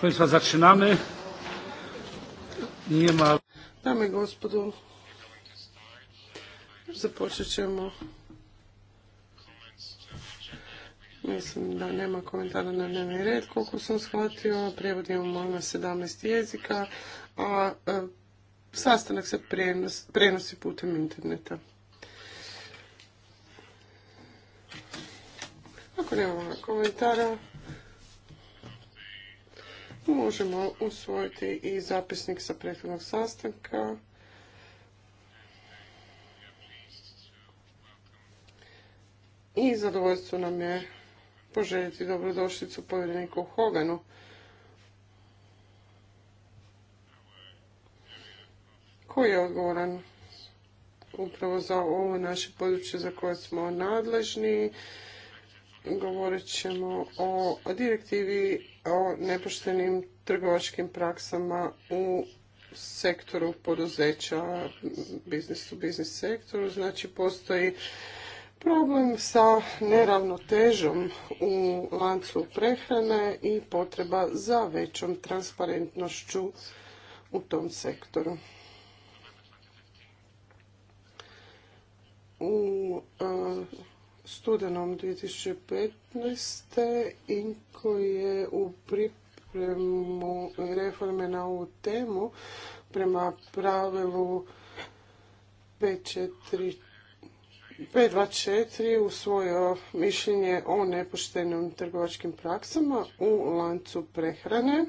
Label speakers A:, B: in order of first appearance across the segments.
A: Państwa, zaczynamy. Nie ma... Dame i gospodu, započet ćemo. Mislim da nema komentara na dnevni red. Koliko sam shvatio, prijevod imamo na 17 jezika, a e, sastanak se prenosi putem interneta. Ako nemamo komentara, možemo usvojiti i zapisnik sa prethodnog sastanka. I zadovoljstvo nam je poželjeti dobrodošlicu povjereniku Hoganu. koji je odgovoran upravo za ovo naše područje za koje smo nadležni. Govorit ćemo o direktivi o nepoštenim trgovačkim praksama u sektoru poduzeća, to biznis sektoru. Znači postoji problem sa neravnotežom u lancu prehrane i potreba za većom transparentnošću u tom sektoru. U e, studenom 2015. koji je u pripremu reforme na ovu temu prema pravilu 524 u usvojio mišljenje o nepoštenim trgovačkim praksama u lancu prehrane.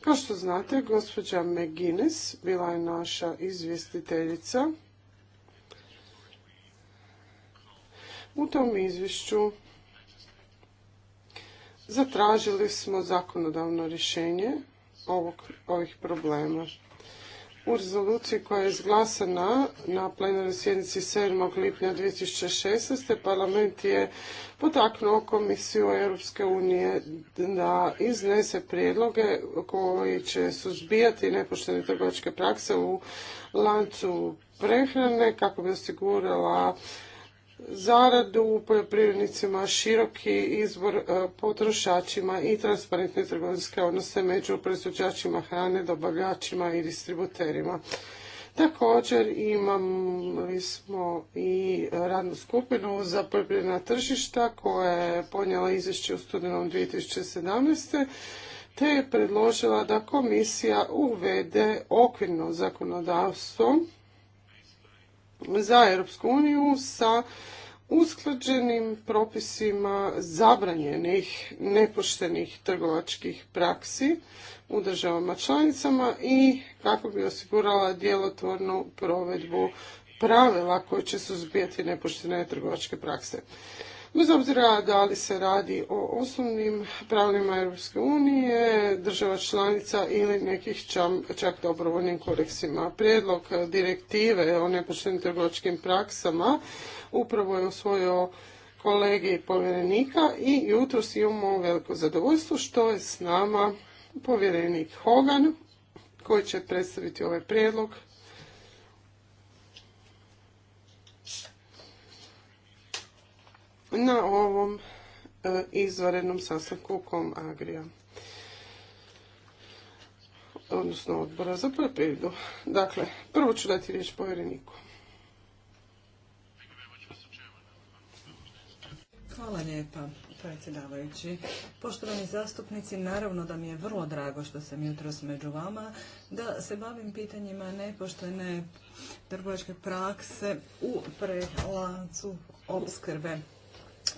A: Kao što znate, gospođa McGuinness bila je naša izvjestiteljica U tom izvišću zatražili smo zakonodavno rješenje ovog, ovih problema. U rezoluciji koja je izglasana na plenarnoj sjednici 7. lipnja 2016. parlament je potaknuo Komisiju Europske unije da iznese prijedloge koji će suzbijati nepoštene trgovačke prakse u lancu prehrane kako bi osigurala zaradu poljoprivrednicima, široki izbor e, potrošačima i transparentne trgovinske odnose među proizvođačima hrane, dobavljačima i distributerima. Također imali smo i radnu skupinu za poljoprivredna tržišta koja je ponijela izvješće u studenom 2017 te je predložila da komisija uvede okvirno zakonodavstvo za Europsku uniju sa usklađenim propisima zabranjenih nepoštenih trgovačkih praksi u državama članicama i kako bi osigurala djelotvornu provedbu pravila koje će suzbijati nepoštene trgovačke prakse. Bez obzira da li se radi o osnovnim pravilima Europske unije, država članica ili nekih čak dobrovoljnim kodeksima. Prijedlog direktive o nepoštenim trgovačkim praksama upravo je osvojio kolegi povjerenika i jutros imamo veliko zadovoljstvo što je s nama povjerenik Hogan koji će predstaviti ovaj prijedlog na ovom e, izvarenom sastanku kom Agrija odnosno odbora za poljoprivredu. Dakle, prvo ću dati riječ povjereniku. Hvala lijepa, predsjedavajući. Poštovani
B: zastupnici, naravno da mi je vrlo drago što sam jutros među vama, da se bavim pitanjima nepoštene trgovačke prakse u prelancu opskrbe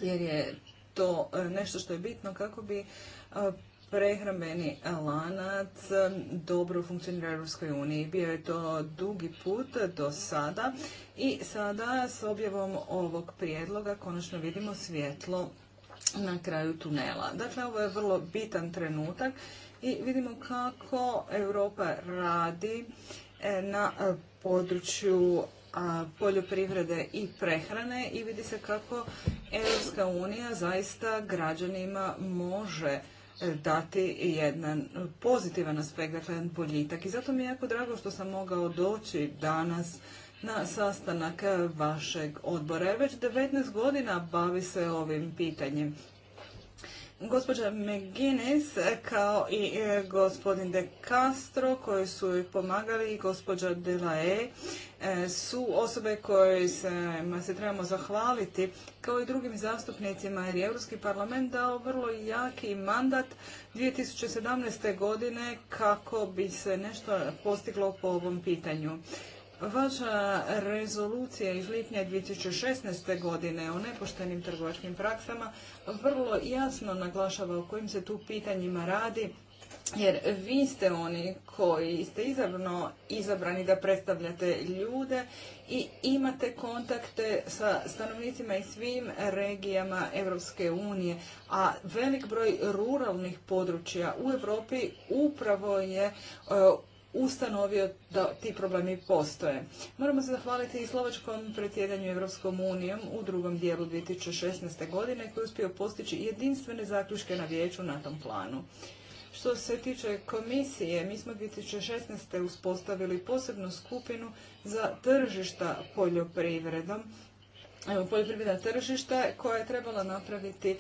B: jer je to e, nešto što je bitno kako bi e, prehrambeni lanac e, dobro funkcionira u EU. Bio je to dugi put do sada i sada s objavom ovog prijedloga konačno vidimo svjetlo na kraju tunela. Dakle, ovo je vrlo bitan trenutak i vidimo kako Europa radi na području poljoprivrede i prehrane i vidi se kako Europska unija zaista građanima može e, dati jedan pozitivan aspekt, dakle jedan boljitak. I zato mi je jako drago što sam mogao doći danas na sastanak vašeg odbora. Već 19 godina bavi se ovim pitanjem. Gospođa McGuinness kao i e, gospodin De Castro koji su joj pomagali i gospođa Delae e, su osobe koje se, se trebamo zahvaliti kao i drugim zastupnicima jer je Europski parlament dao vrlo jaki mandat 2017. godine kako bi se nešto postiglo po ovom pitanju. Vaša rezolucija iz lipnja 2016. godine o nepoštenim trgovačkim praksama vrlo jasno naglašava o kojim se tu pitanjima radi, jer vi ste oni koji ste izabrano izabrani da predstavljate ljude i imate kontakte sa stanovnicima i svim regijama Europske unije, a velik broj ruralnih područja u Europi upravo je e, ustanovio da ti problemi postoje. Moramo se zahvaliti i slovačkom pretjedanju Europskom unijom u drugom dijelu 2016. godine koji je uspio postići jedinstvene zaključke na vijeću na tom planu. Što se tiče komisije, mi smo 2016. uspostavili posebnu skupinu za tržišta poljoprivredom poljoprivredna tržišta koja je trebala napraviti e,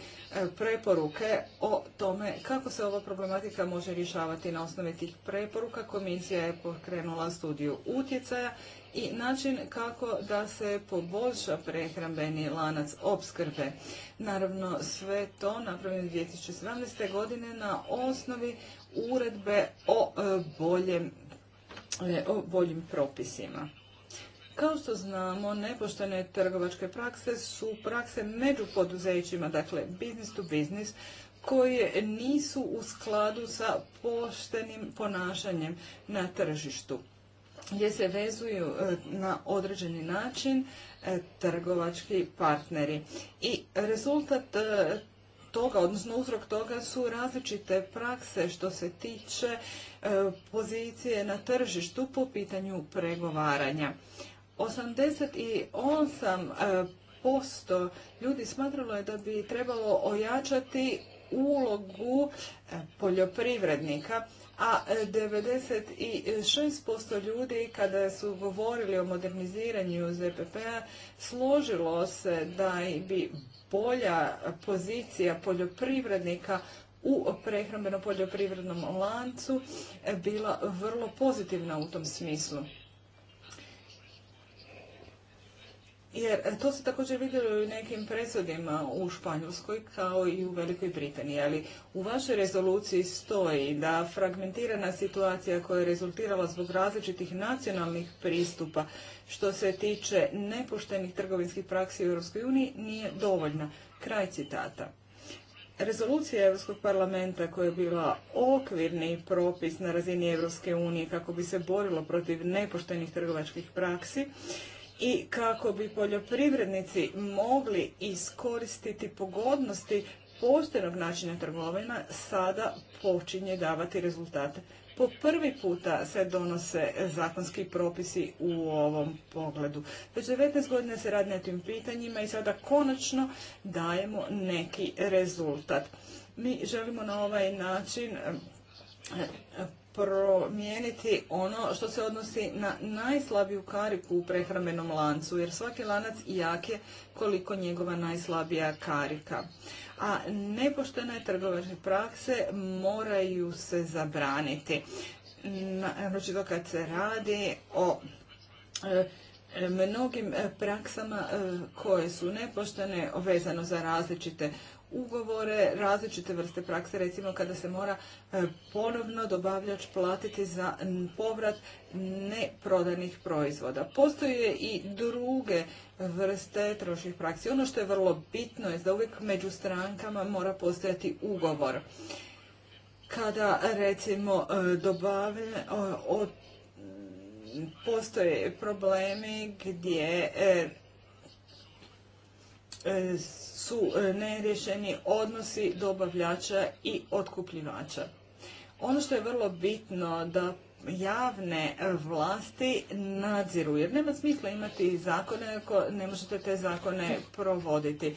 B: preporuke o tome kako se ova problematika može rješavati. Na osnovi tih preporuka komisija je pokrenula studiju utjecaja i način kako da se poboljša prehrambeni lanac opskrbe. Naravno, sve to napravljeno 2017. godine na osnovi uredbe o e, e, o boljim propisima. Kao što znamo, nepoštene trgovačke prakse su prakse među poduzećima, dakle business to business, koje nisu u skladu sa poštenim ponašanjem na tržištu gdje se vezuju e, na određeni način e, trgovački partneri. I rezultat e, toga, odnosno uzrok toga su različite prakse što se tiče pozicije na tržištu po pitanju pregovaranja. 88% e, ljudi smatralo je da bi trebalo ojačati ulogu e, poljoprivrednika, a 96% e, ljudi kada su govorili o moderniziranju ZPP-a složilo se da bi bolja pozicija poljoprivrednika u prehrambeno poljoprivrednom lancu bila vrlo pozitivna u tom smislu. Jer e, to se također vidjelo i u nekim presudima u Španjolskoj kao i u Velikoj Britaniji, ali u vašoj rezoluciji stoji da fragmentirana situacija koja je rezultirala zbog različitih nacionalnih pristupa što se tiče nepoštenih trgovinskih praksi u EU nije dovoljna. Kraj citata. Rezolucija Europskog parlamenta koja je bila okvirni propis na razini EU kako bi se borilo protiv nepoštenih trgovačkih praksi i kako bi poljoprivrednici mogli iskoristiti pogodnosti postojenog načina trgovina sada počinje davati rezultate. Po prvi puta se donose zakonski propisi u ovom pogledu. Već 19 godina se radi na tim pitanjima i sada konačno dajemo neki rezultat. Mi želimo na ovaj način promijeniti ono što se odnosi na najslabiju kariku u prehrambenom lancu, jer svaki lanac jak je koliko njegova najslabija karika. A nepoštene trgovačke prakse moraju se zabraniti. Naročito kad se radi o e, mnogim praksama e, koje su nepoštene vezano za različite ugovore, različite vrste prakse, recimo kada se mora e, ponovno dobavljač platiti za povrat neprodanih proizvoda. Postoje i druge vrste trošnih praksi. Ono što je vrlo bitno je da uvijek među strankama mora postojati ugovor. Kada recimo e, dobavlja, od postoje problemi gdje e, E, su e, nerješeni odnosi dobavljača i otkupljivača. Ono što je vrlo bitno da javne vlasti nadziru, jer nema smisla imati zakone ako ne možete te zakone provoditi.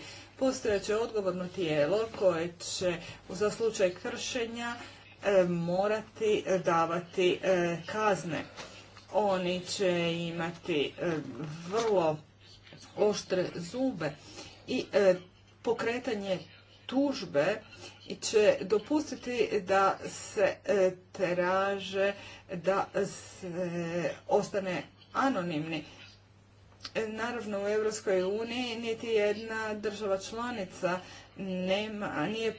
B: će odgovorno tijelo koje će za slučaj kršenja e, morati davati kazne. Oni će imati vrlo oštre zube i e, pokretanje tužbe će dopustiti da se e, teraže, da se ostane anonimni. E, naravno u Europskoj uniji niti jedna država članica nema, nije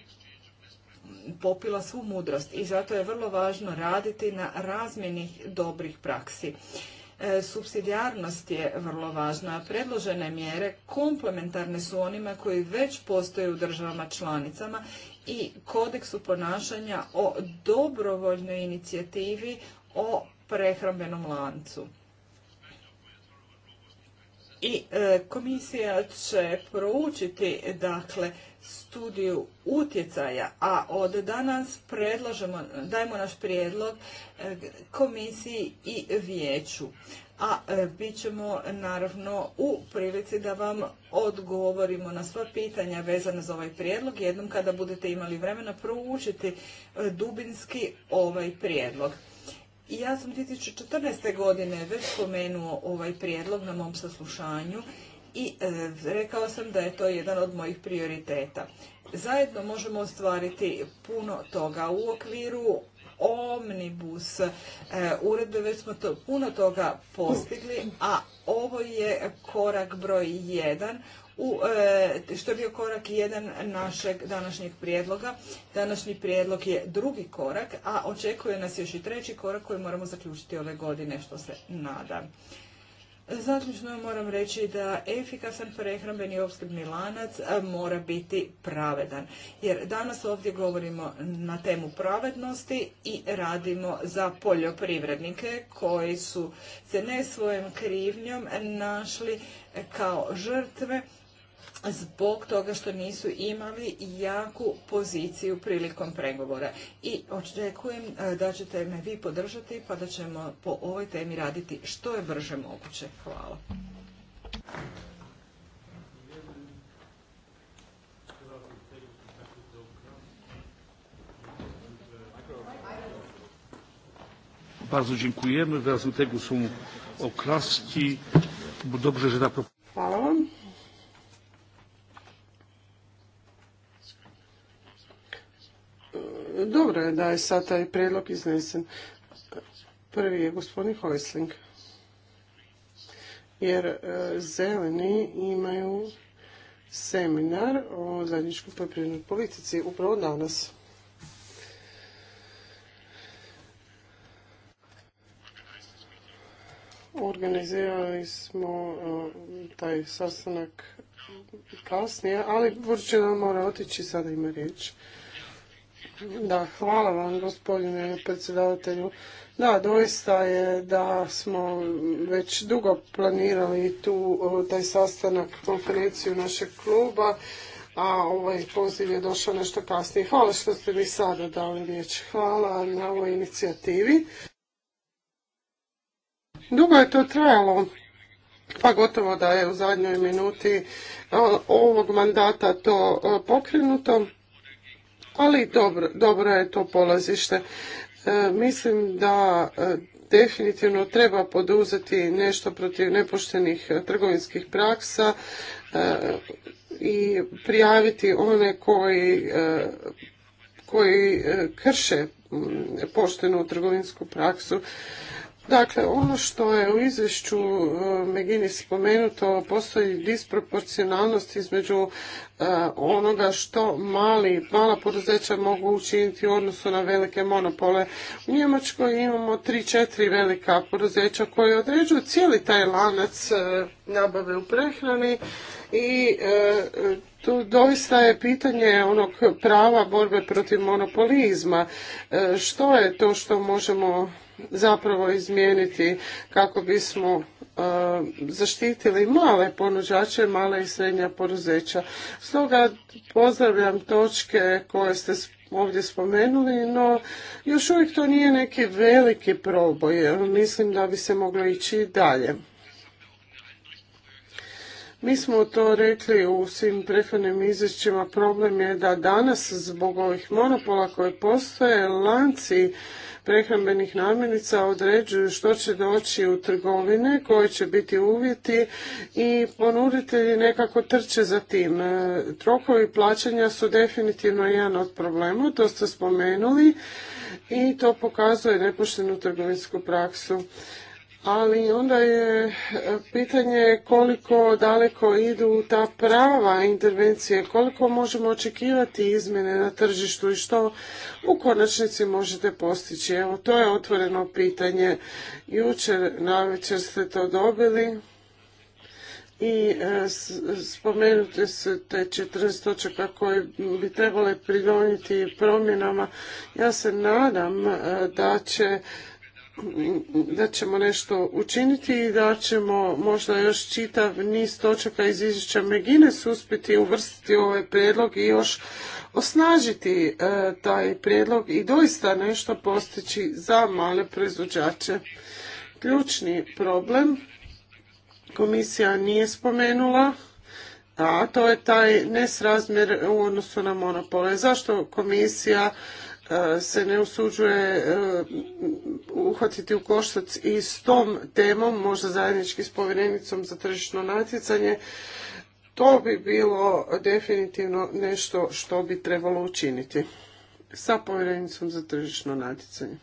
B: popila svu mudrost i zato je vrlo važno raditi na razmjeni dobrih praksi. E, subsidijarnost je vrlo važna. Predložene mjere komplementarne su onima koji već postoje u državama članicama i kodeksu ponašanja o dobrovoljnoj inicijativi o prehrambenom lancu i e, komisija će proučiti dakle studiju utjecaja, a od danas predlažemo, dajemo naš prijedlog e, komisiji i vijeću. A e, bit ćemo naravno u prilici da vam odgovorimo na sva pitanja vezana za ovaj prijedlog jednom kada budete imali vremena proučiti e, dubinski ovaj prijedlog. Ja sam 2014. godine već spomenuo ovaj prijedlog na mom saslušanju i e, rekao sam da je to jedan od mojih prioriteta. Zajedno možemo ostvariti puno toga. U okviru omnibus e, uredbe već smo to, puno toga postigli, a ovo je korak broj jedan u, e, što je bio korak jedan našeg današnjeg prijedloga. Današnji prijedlog je drugi korak, a očekuje nas još i treći korak koji moramo zaključiti ove godine, što se nada Zaključno moram reći da efikasan prehrambeni opskrbni lanac e, mora biti pravedan. Jer danas ovdje govorimo na temu pravednosti i radimo za poljoprivrednike koji su se ne svojom krivnjom našli kao žrtve zbog toga što nisu imali jaku poziciju prilikom pregovora. I očekujem e, da ćete me vi podržati pa da ćemo po ovoj temi raditi što je brže moguće. Hvala.
A: Bardzo dziękujemy. tego są oklaski. Dobrze, że da je sad taj prijedlog iznesen. Prvi je gospodin Hojsling. Jer e, zeleni imaju seminar o zajedničkoj poljoprivrednoj politici upravo danas. Organizirali smo e, taj sastanak kasnije, ali budući da mora otići, sada ima riječ. Da, hvala vam gospodine predsjedavatelju. Da, doista je da smo već dugo planirali tu taj sastanak, konferenciju našeg kluba, a ovaj poziv je došao nešto kasnije. Hvala što ste mi sada dali riječ. Hvala na ovoj inicijativi. Dugo je to trajalo, pa gotovo da je u zadnjoj minuti ovog mandata to pokrenuto ali dobro, dobro je to polazište. E, mislim da e, definitivno treba poduzeti nešto protiv nepoštenih e, trgovinskih praksa i prijaviti one koji, koji krše poštenu trgovinsku praksu Dakle, ono što je u izvješću e, Megini spomenuto, postoji disproporcionalnost između e, onoga što mali, mala poduzeća mogu učiniti u odnosu na velike monopole. U Njemačkoj imamo 3-4 velika poduzeća koje određuju cijeli taj lanac e, nabave u prehrani i tu doista je pitanje onog prava borbe protiv monopolizma. Što je to što možemo zapravo izmijeniti kako bismo e, zaštitili male ponuđače, male i srednja poduzeća. Stoga pozdravljam točke koje ste ovdje spomenuli, no još uvijek to nije neki veliki proboj. Mislim da bi se moglo ići dalje. Mi smo to rekli u svim prethodnim izvješćima. Problem je da danas zbog ovih monopola koje postoje lanci prehrambenih namirnica određuju što će doći u trgovine, koji će biti uvjeti i ponuditelji nekako trče za tim. E, trokovi plaćanja su definitivno jedan od problema, to ste spomenuli i to pokazuje nepoštenu trgovinsku praksu ali onda je e, pitanje koliko daleko idu ta prava intervencije, koliko možemo očekivati izmjene na tržištu i što u konačnici možete postići. Evo, to je otvoreno pitanje. Jučer večer ste to dobili i e, spomenute se te 14 točaka koje bi trebale pridoniti promjenama. Ja se nadam e, da će da ćemo nešto učiniti i da ćemo možda još čitav niz točaka iz izvješća suspiti uspjeti uvrstiti ovaj prijedlog i još osnažiti e, taj prijedlog i doista nešto postići za male proizvođače. Ključni problem komisija nije spomenula, a to je taj nesrazmjer u odnosu na monopole. Zašto komisija E, se ne usuđuje e, uhvatiti u koštac i s tom temom, možda zajednički s povjerenicom za tržišno natjecanje, to bi bilo definitivno nešto što bi trebalo učiniti sa povjerenicom za tržišno natjecanje.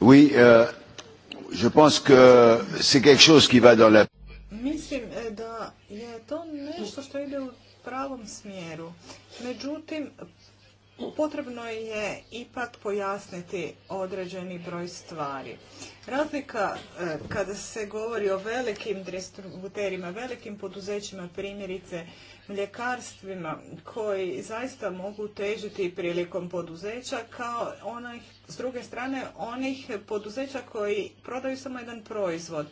B: Oui, euh, je pense que c'est quelque chose qui va dans Mislim e, da je to nešto što ide u pravom smjeru. Međutim, potrebno je ipak pojasniti određeni broj stvari. Razlika e, kada se govori o velikim distributerima, velikim poduzećima, primjerice mljekarstvima koji zaista mogu težiti prilikom poduzeća kao onih, s druge strane onih poduzeća koji prodaju samo jedan proizvod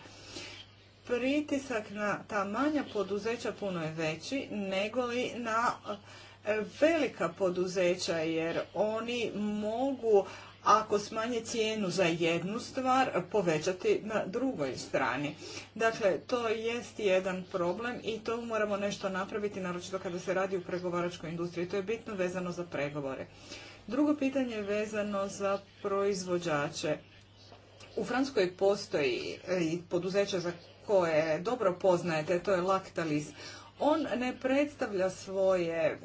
B: pritisak na ta manja poduzeća puno je veći nego li na e, velika poduzeća jer oni mogu ako smanje cijenu za jednu stvar povećati na drugoj strani. Dakle, to jest jedan problem i to moramo nešto napraviti, naročito kada se radi u pregovaračkoj industriji. To je bitno vezano za pregovore. Drugo pitanje je vezano za proizvođače. U Francuskoj postoji e, poduzeća za koje dobro poznajete, to je Lactalis. On ne predstavlja svoje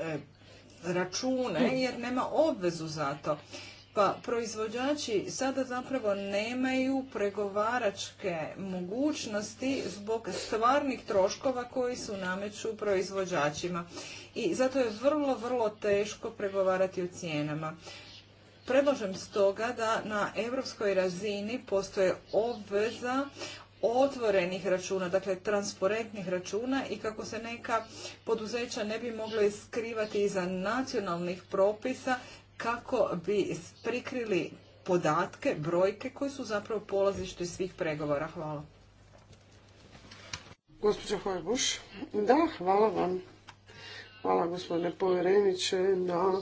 B: e, račune hm. jer nema obvezu za to. Pa proizvođači sada zapravo nemaju pregovaračke mogućnosti zbog stvarnih troškova koji su nameću proizvođačima. I zato je vrlo, vrlo teško pregovarati o cijenama. Predlažem stoga da na europskoj razini postoje obveza otvorenih računa, dakle transparentnih računa i kako se neka poduzeća ne bi mogla iskrivati iza nacionalnih propisa kako bi prikrili podatke, brojke koje su zapravo polazište svih pregovora. Hvala.
A: Gospođa Hojbuš, da, hvala vam. Hvala gospodine povjereniče na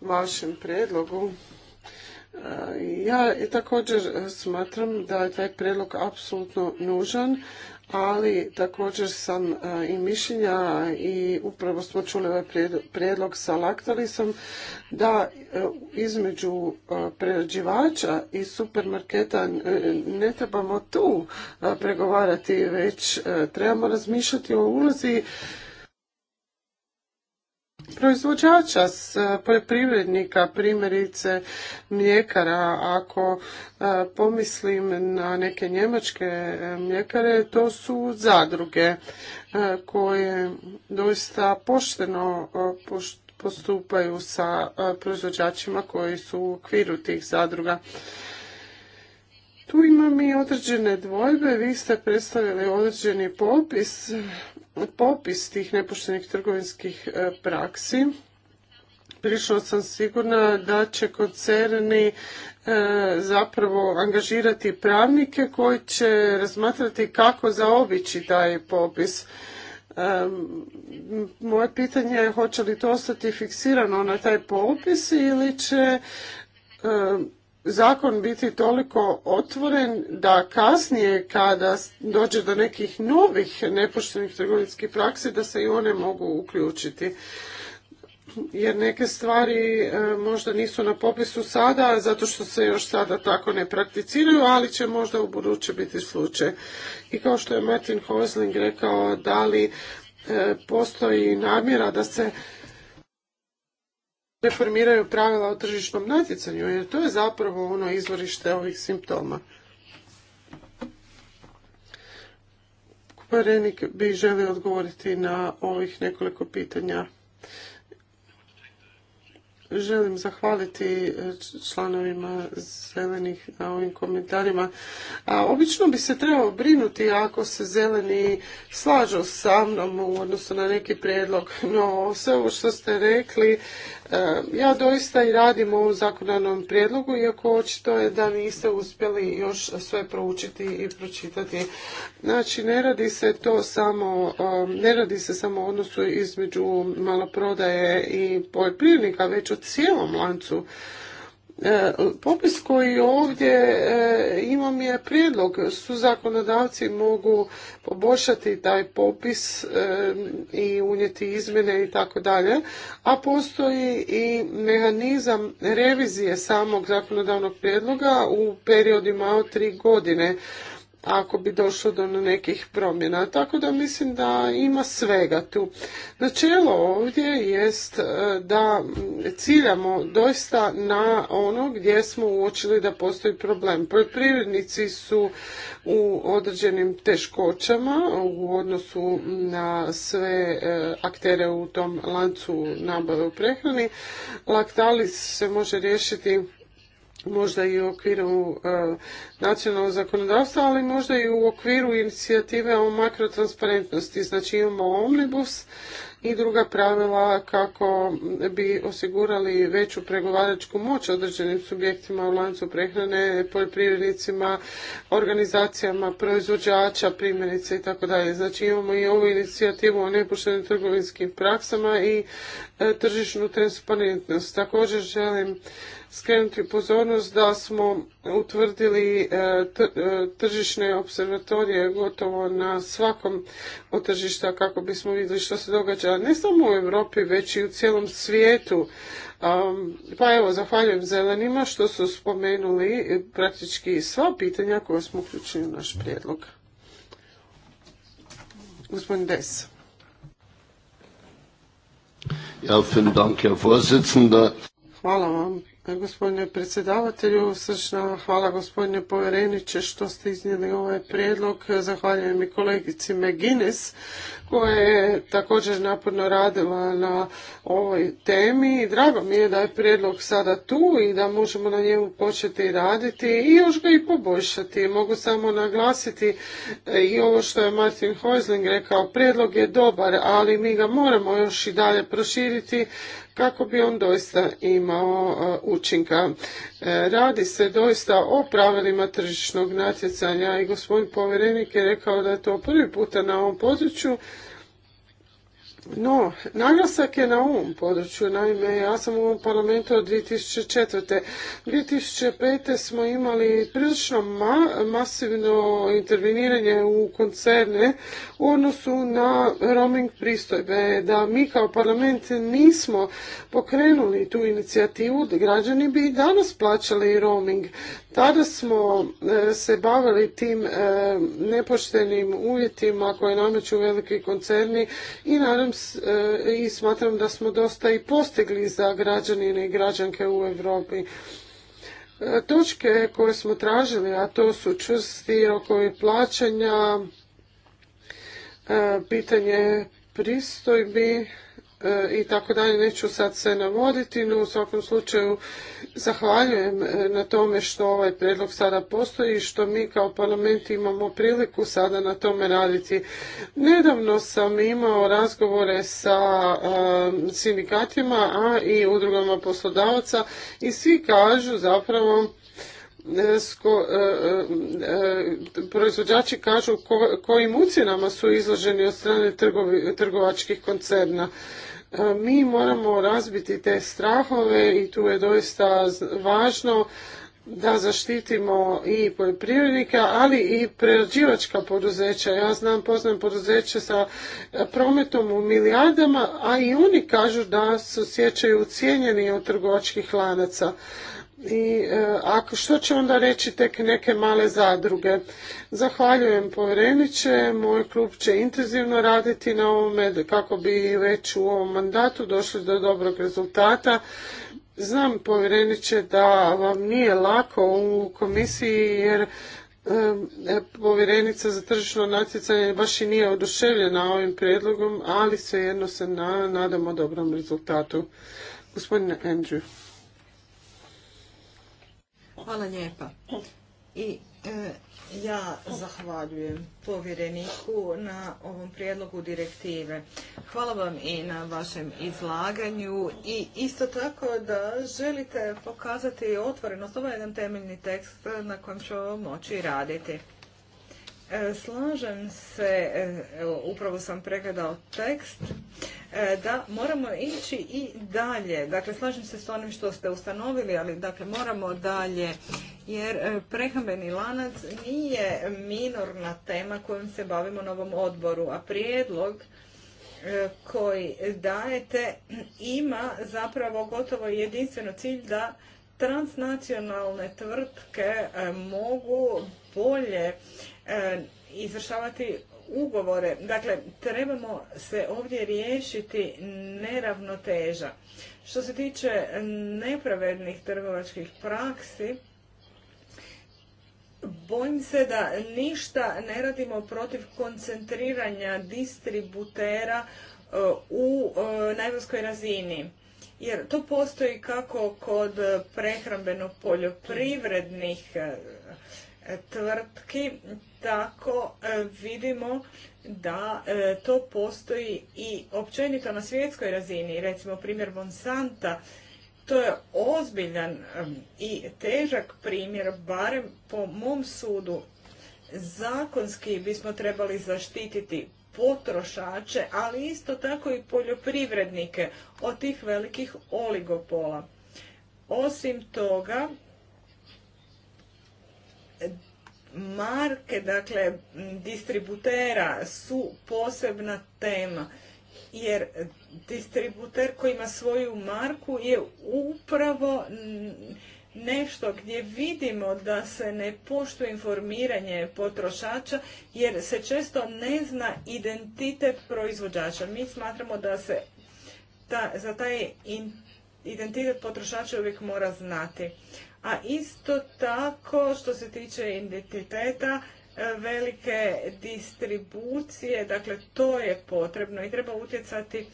A: vašem predlogu ja također smatram da je taj prijedlog apsolutno nužan, ali također sam e, i mišljenja i upravo smo čuli ovaj prijedlog sa laktalisom da e, između e, prerađivača i supermarketa ne trebamo tu pregovarati, već trebamo razmišljati o ulozi proizvođača, s e, poljoprivrednika, primjerice mljekara. Ako e, pomislim na neke njemačke e, mljekare, to su zadruge koje doista pošteno postupaju sa proizvođačima koji su u okviru tih zadruga. Tu imam i određene dvojbe. Vi ste predstavili određeni popis, popis tih nepoštenih trgovinskih e, praksi. Prišla sam sigurna da će koncerni e, zapravo angažirati pravnike koji će razmatrati kako zaobići taj popis. E, moje pitanje je hoće li to ostati fiksirano na taj popis ili će zakon biti toliko otvoren da kasnije kada dođe do nekih novih nepoštenih trgovinskih praksi da se i one mogu uključiti. Jer neke stvari e, možda nisu na popisu sada zato što se još sada tako ne prakticiraju, ali će možda u buduće biti slučaj. I kao što je Martin Hosling rekao, da li e, postoji namjera da se reformiraju pravila o tržišnom natjecanju, jer to je zapravo ono izvorište ovih simptoma. Kuparenik bi želio odgovoriti na ovih nekoliko pitanja. Želim zahvaliti članovima zelenih na ovim komentarima. A obično bi se trebao brinuti ako se zeleni slažu sa mnom u odnosu na neki prijedlog. No, sve ovo što ste rekli ja doista i radim u ovom zakonanom prijedlogu, iako očito je da niste uspjeli još sve proučiti i pročitati. Znači, ne radi se to samo, ne radi se samo o odnosu između maloprodaje i poljoprivrednika, već o cijelom lancu E, popis koji ovdje e, imam je prijedlog. Su zakonodavci mogu poboljšati taj popis e, i unijeti izmjene i tako dalje, a postoji i mehanizam revizije samog zakonodavnog prijedloga u periodima od tri godine ako bi došlo do nekih promjena. Tako da mislim da ima svega tu. Načelo ovdje jest e, da ciljamo doista na ono gdje smo uočili da postoji problem. Poljoprivrednici su u određenim teškoćama u odnosu na sve e, aktere u tom lancu nabave u prehrani. Laktalis se može riješiti možda i u okviru e, nacionalnog zakonodavstva, ali možda i u okviru inicijative o makrotransparentnosti. Znači imamo omnibus i druga pravila kako bi osigurali veću pregovaračku moć određenim subjektima u lancu prehrane, poljoprivrednicima, organizacijama proizvođača, primjerice i tako dalje. Znači imamo i ovu inicijativu o nepoštenim trgovinskim praksama i e, tržišnu transparentnost. Također želim skrenuti pozornost da smo utvrdili e, e, tržišne observatorije gotovo na svakom od tržišta kako bismo vidjeli što se događa ne samo u Europi već i u cijelom svijetu. Pa evo, zahvaljujem zelenima što su spomenuli praktički sva pitanja koja smo uključili u naš prijedlog. Gospodin Des. Hvala vam Gospodine predsjedavatelju, srčna hvala gospodine povjereniče što ste iznijeli ovaj prijedlog. Zahvaljujem i kolegici McGuinness koja je također naporno radila na ovoj temi. Drago mi je da je prijedlog sada tu i da možemo na njemu početi raditi i još ga i poboljšati. Mogu samo naglasiti e, i ovo što je Martin Heusling rekao, prijedlog je dobar, ali mi ga moramo još i dalje proširiti kako bi on doista imao e, učinka. E, radi se doista o pravilima tržišnog natjecanja i gospodin povjerenik je rekao da je to prvi puta na ovom području no, naglasak je na ovom području. Naime, ja sam u ovom parlamentu od 2004. 2005. smo imali prilično masivno interveniranje u koncerne u odnosu na roaming pristojbe. Da mi kao parlament nismo pokrenuli tu inicijativu, da građani bi i danas plaćali roaming. Tada smo e, se bavili tim e, nepoštenim uvjetima koje nameću veliki koncerni i nadam E, i smatram da smo dosta i postigli za građanine i građanke u Europi. E, točke koje smo tražili, a to su čvrsti rokovi plaćanja, e, pitanje pristojbi, i tako dalje neću sad se navoditi, no u svakom slučaju zahvaljujem e, na tome što ovaj predlog sada postoji i što mi kao parlament imamo priliku sada na tome raditi. Nedavno sam imao razgovore sa e, sindikatima, a i udrugama poslodavaca i svi kažu zapravo e, proizvođači kažu kojim ucjenama su izloženi od strane trgovačkih koncerna. E, mi moramo razbiti te strahove i tu je doista važno da zaštitimo i poljoprivrednika, ali i prerađivačka poduzeća. Ja znam, poznam poduzeće sa e, prometom u milijardama, a i oni kažu da se osjećaju ucijenjeni od trgovačkih lanaca i e, ako što će onda reći tek neke male zadruge. Zahvaljujem povjereniče, moj klub će intenzivno raditi na ovome kako bi već u ovom mandatu došli do dobrog rezultata. Znam povjereniče da vam nije lako u komisiji jer e, povjerenica za tržišno natjecanje baš i nije oduševljena ovim prijedlogom, ali svejedno se nadamo dobrom rezultatu. Gospodine Andrew.
B: Hvala lijepa. I e, ja zahvaljujem povjereniku na ovom prijedlogu direktive. Hvala vam i na vašem izlaganju i isto tako da želite pokazati otvorenost. Ovo je jedan temeljni tekst na kojem ću moći raditi. E, slažem se, e, upravo sam pregledao tekst, e, da moramo ići i dalje. Dakle, slažem se s onim što ste ustanovili, ali dakle, moramo dalje, jer prehambeni lanac nije minorna tema kojom se bavimo na ovom odboru, a prijedlog koji dajete ima zapravo gotovo jedinstveno cilj da transnacionalne tvrtke mogu bolje E, izvršavati ugovore. Dakle, trebamo se ovdje riješiti neravnoteža. Što se tiče nepravednih trgovačkih praksi, bojim se da ništa ne radimo protiv koncentriranja distributera e, u e, najvorskoj razini. Jer to postoji kako kod prehrambeno poljoprivrednih tvrtki, tako e, vidimo da e, to postoji i općenito na svjetskoj razini. Recimo primjer Monsanta, to je ozbiljan e, i težak primjer, barem po mom sudu. Zakonski bismo trebali zaštititi potrošače, ali isto tako i poljoprivrednike od tih velikih oligopola. Osim toga, marke, dakle distributera su posebna tema jer distributer koji ima svoju marku je upravo nešto gdje vidimo da se ne poštuje informiranje potrošača jer se često ne zna identitet proizvođača. Mi smatramo da se za taj identitet potrošača uvijek mora znati. A isto tako što se tiče identiteta, e, velike distribucije, dakle to je potrebno i treba utjecati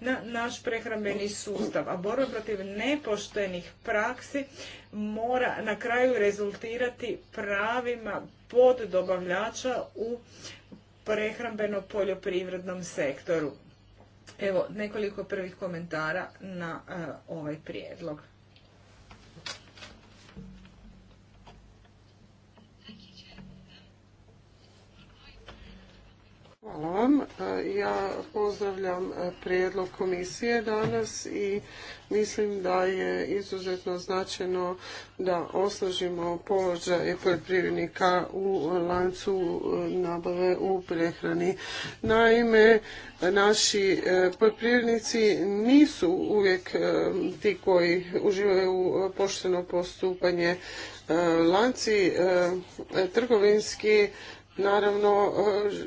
B: na naš prehrambeni sustav. A borba protiv nepoštenih praksi mora na kraju rezultirati pravima poddobavljača u prehrambeno-poljoprivrednom sektoru. Evo nekoliko prvih komentara na e, ovaj prijedlog.
A: Hvala vam. E, ja pozdravljam e, prijedlog komisije danas i mislim da je izuzetno značajno da osnažimo položaj poljoprivrednika u lancu e, nabave u prehrani. Naime, naši poljoprivrednici nisu uvijek ti koji uživaju pošteno postupanje lanci trgovinski naravno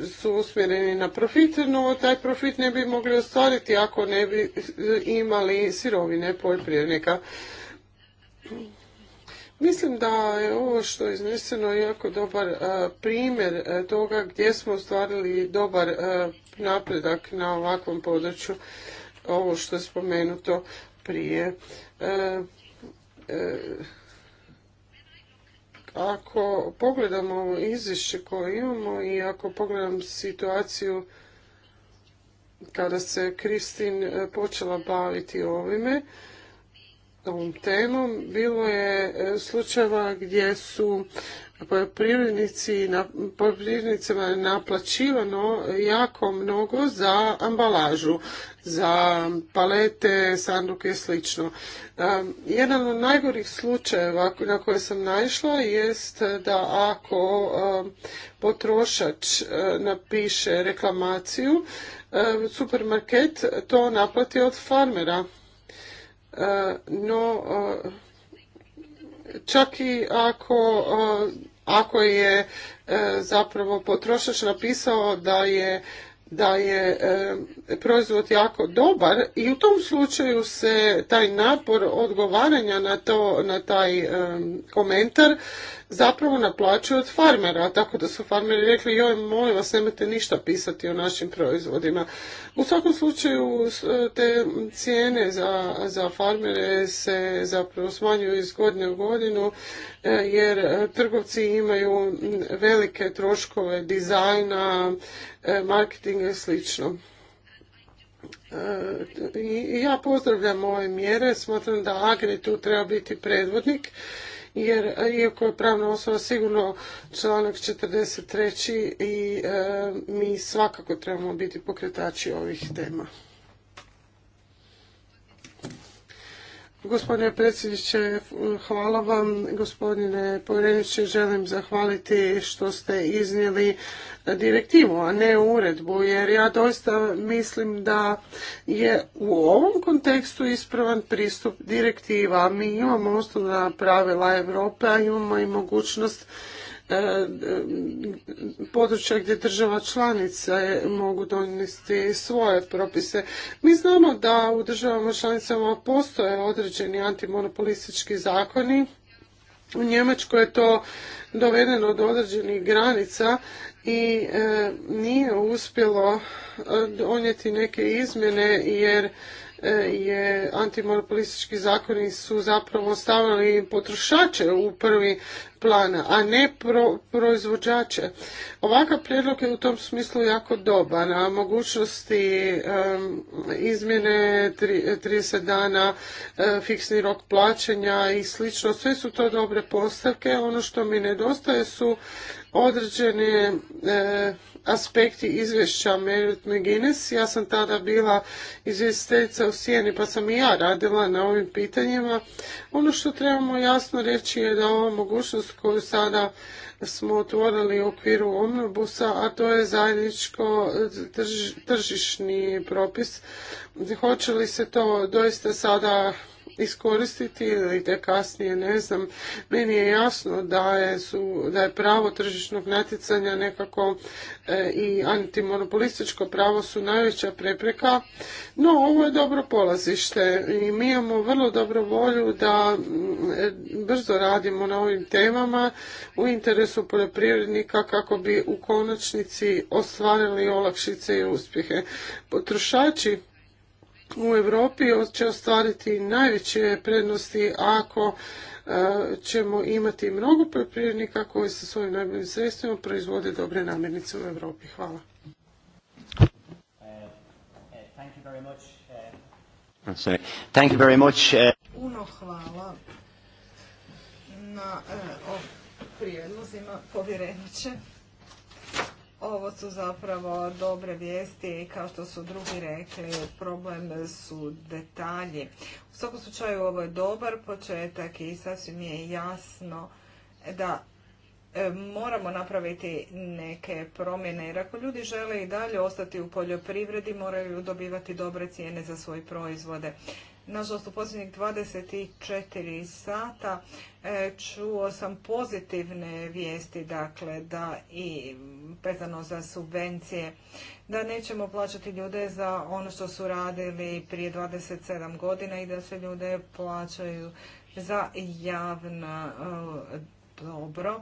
A: e, su usmjereni na profit, no taj profit ne bi mogli ostvariti ako ne bi e, imali sirovine poljoprivrednika. Mislim da je ovo što je izneseno jako dobar e, primjer toga gdje smo ostvarili dobar napredak na ovakvom području, ovo što je spomenuto prije. Ako pogledamo ovo izvješće koje imamo i ako pogledam situaciju kada se Kristin e, počela baviti ovime, ovom temom, bilo je e, slučajeva gdje su poljoprivrednici, poljoprivrednicima je naplaćivano jako mnogo za ambalažu, za palete, sanduke i sl. Jedan od najgorih slučajeva na koje sam naišla jest da ako potrošač e, napiše reklamaciju, supermarket to naplati od farmera. E, no, e, čak i ako ako je e, zapravo potrošač napisao da je da je e, proizvod jako dobar i u tom slučaju se taj napor odgovaranja na to na taj e, komentar zapravo naplaćuju od farmera, tako da su farmeri rekli joj molim vas nemojte ništa pisati o našim proizvodima. U svakom slučaju te cijene za, za farmere se zapravo smanjuju iz godine u godinu e, jer e, trgovci imaju velike troškove dizajna, e, marketinga i slično. ja pozdravljam ove mjere, smatram da Agri tu treba biti predvodnik jer iako je pravna osoba sigurno članak 43. i e, mi svakako trebamo biti pokretači ovih tema. Gospodine predsjedniče, hvala vam. Gospodine povjereniče, želim zahvaliti što ste iznijeli direktivu, a ne uredbu, jer ja doista mislim da je u ovom kontekstu ispravan pristup direktiva. Mi imamo osnovna pravila Europe, a imamo i mogućnost E, područja gdje država članice mogu donijeti svoje propise. Mi znamo da u državama članicama postoje određeni antimonopolistički zakoni. U Njemačkoj je to dovedeno do određenih granica i e, nije uspjelo e, donijeti neke izmjene jer je antimonopolistički zakoni su zapravo stavili potrošače u prvi plan, a ne proizvođače. Ovakav prijedlog je u tom smislu jako dobar, Na mogućnosti izmjene 30 dana, e, fiksni rok plaćanja i slično, sve su to dobre postavke. Ono što mi nedostaje su određene e, aspekti izvješća Merit McGuinness. Ja sam tada bila izvjestiteljica u Sijeni pa sam i ja radila na ovim pitanjima. Ono što trebamo jasno reći je da ova mogućnost koju sada smo otvorili u okviru omnibusa, a to je zajedničko tržišni propis. Hoće li se to doista sada iskoristiti ili te kasnije, ne znam. Meni je jasno da je, da pravo tržišnog natjecanja nekako e, i antimonopolističko pravo su najveća prepreka, no ovo je dobro polazište i mi imamo vrlo dobro volju da mm, e, brzo radimo na ovim temama u interesu poljoprivrednika kako bi u konačnici ostvarili olakšice i uspjehe. Potrošači u Europi će ostvariti najveće prednosti ako e, ćemo imati mnogo poljoprivrednika koji sa svojim najboljim sredstvima proizvode dobre namirnice u Europi. Hvala.
C: Thank you very much. Uh,
A: Puno hvala
B: na e, prijedlozima povjereniče. Ovo su zapravo dobre vijesti i kao što su drugi rekli, problem su detalji. U svakom slučaju ovo je dobar početak i sasvim je jasno da e, moramo napraviti neke promjene jer ako ljudi žele i dalje ostati u poljoprivredi moraju dobivati dobre cijene za svoje proizvode. Nažalost, u posljednjih 24 sata e, čuo sam pozitivne vijesti, dakle, da i petano za subvencije, da nećemo plaćati ljude za ono što su radili prije 27 godina i da se ljude plaćaju za javna e, dobro.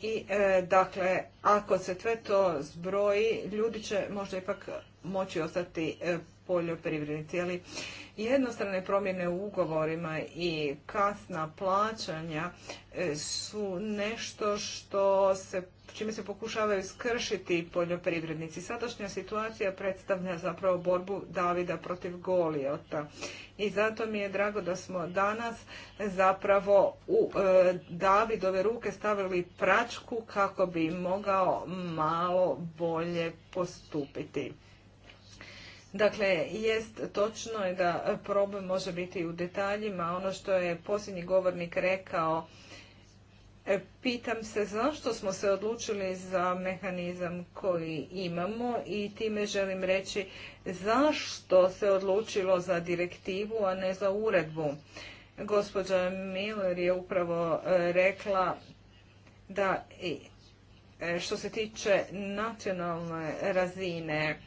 B: I e, dakle, ako se sve to zbroji, ljudi će možda ipak moći ostati poljoprivrednici. Ali jednostrane promjene u ugovorima i kasna plaćanja e, su nešto što se čime se pokušavaju skršiti poljoprivrednici. Sadašnja situacija predstavlja zapravo borbu Davida protiv Golijota. I zato mi je drago da smo danas zapravo u e, Davidove ruke stavili pračku kako bi mogao malo bolje postupiti. Dakle, jest točno je da problem može biti u detaljima. Ono što je posljednji govornik rekao, e, pitam se zašto smo se odlučili za mehanizam koji imamo i time želim reći zašto se odlučilo za direktivu, a ne za uredbu. Gospođa Miller je upravo e, rekla da e, što se tiče nacionalne razine,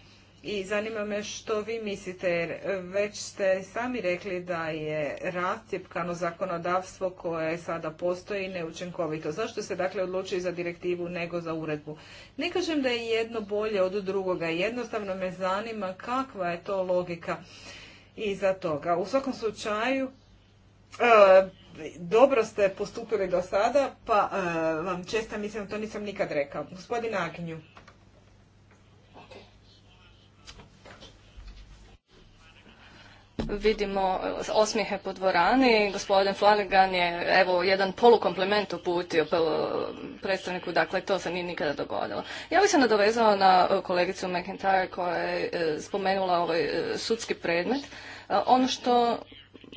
B: i zanima me što vi mislite, jer već ste sami rekli da je rascjepkano zakonodavstvo koje sada postoji neučinkovito. Zašto se dakle odlučuje za direktivu nego za uredbu? Ne kažem da je jedno bolje od drugoga, jednostavno me zanima kakva je to logika iza toga. U svakom slučaju, e, dobro ste postupili do sada, pa e, vam česta mislim, to nisam nikad rekao. Gospodin Agnju.
C: Vidimo e, osmijehe po dvorani. Gospodin Flanagan je evo jedan polukomplement uputio e, predstavniku, dakle to se nije nikada dogodilo. Ja bih se nadovezala na e, kolegicu McIntyre koja je spomenula ovaj sudski predmet. Ono što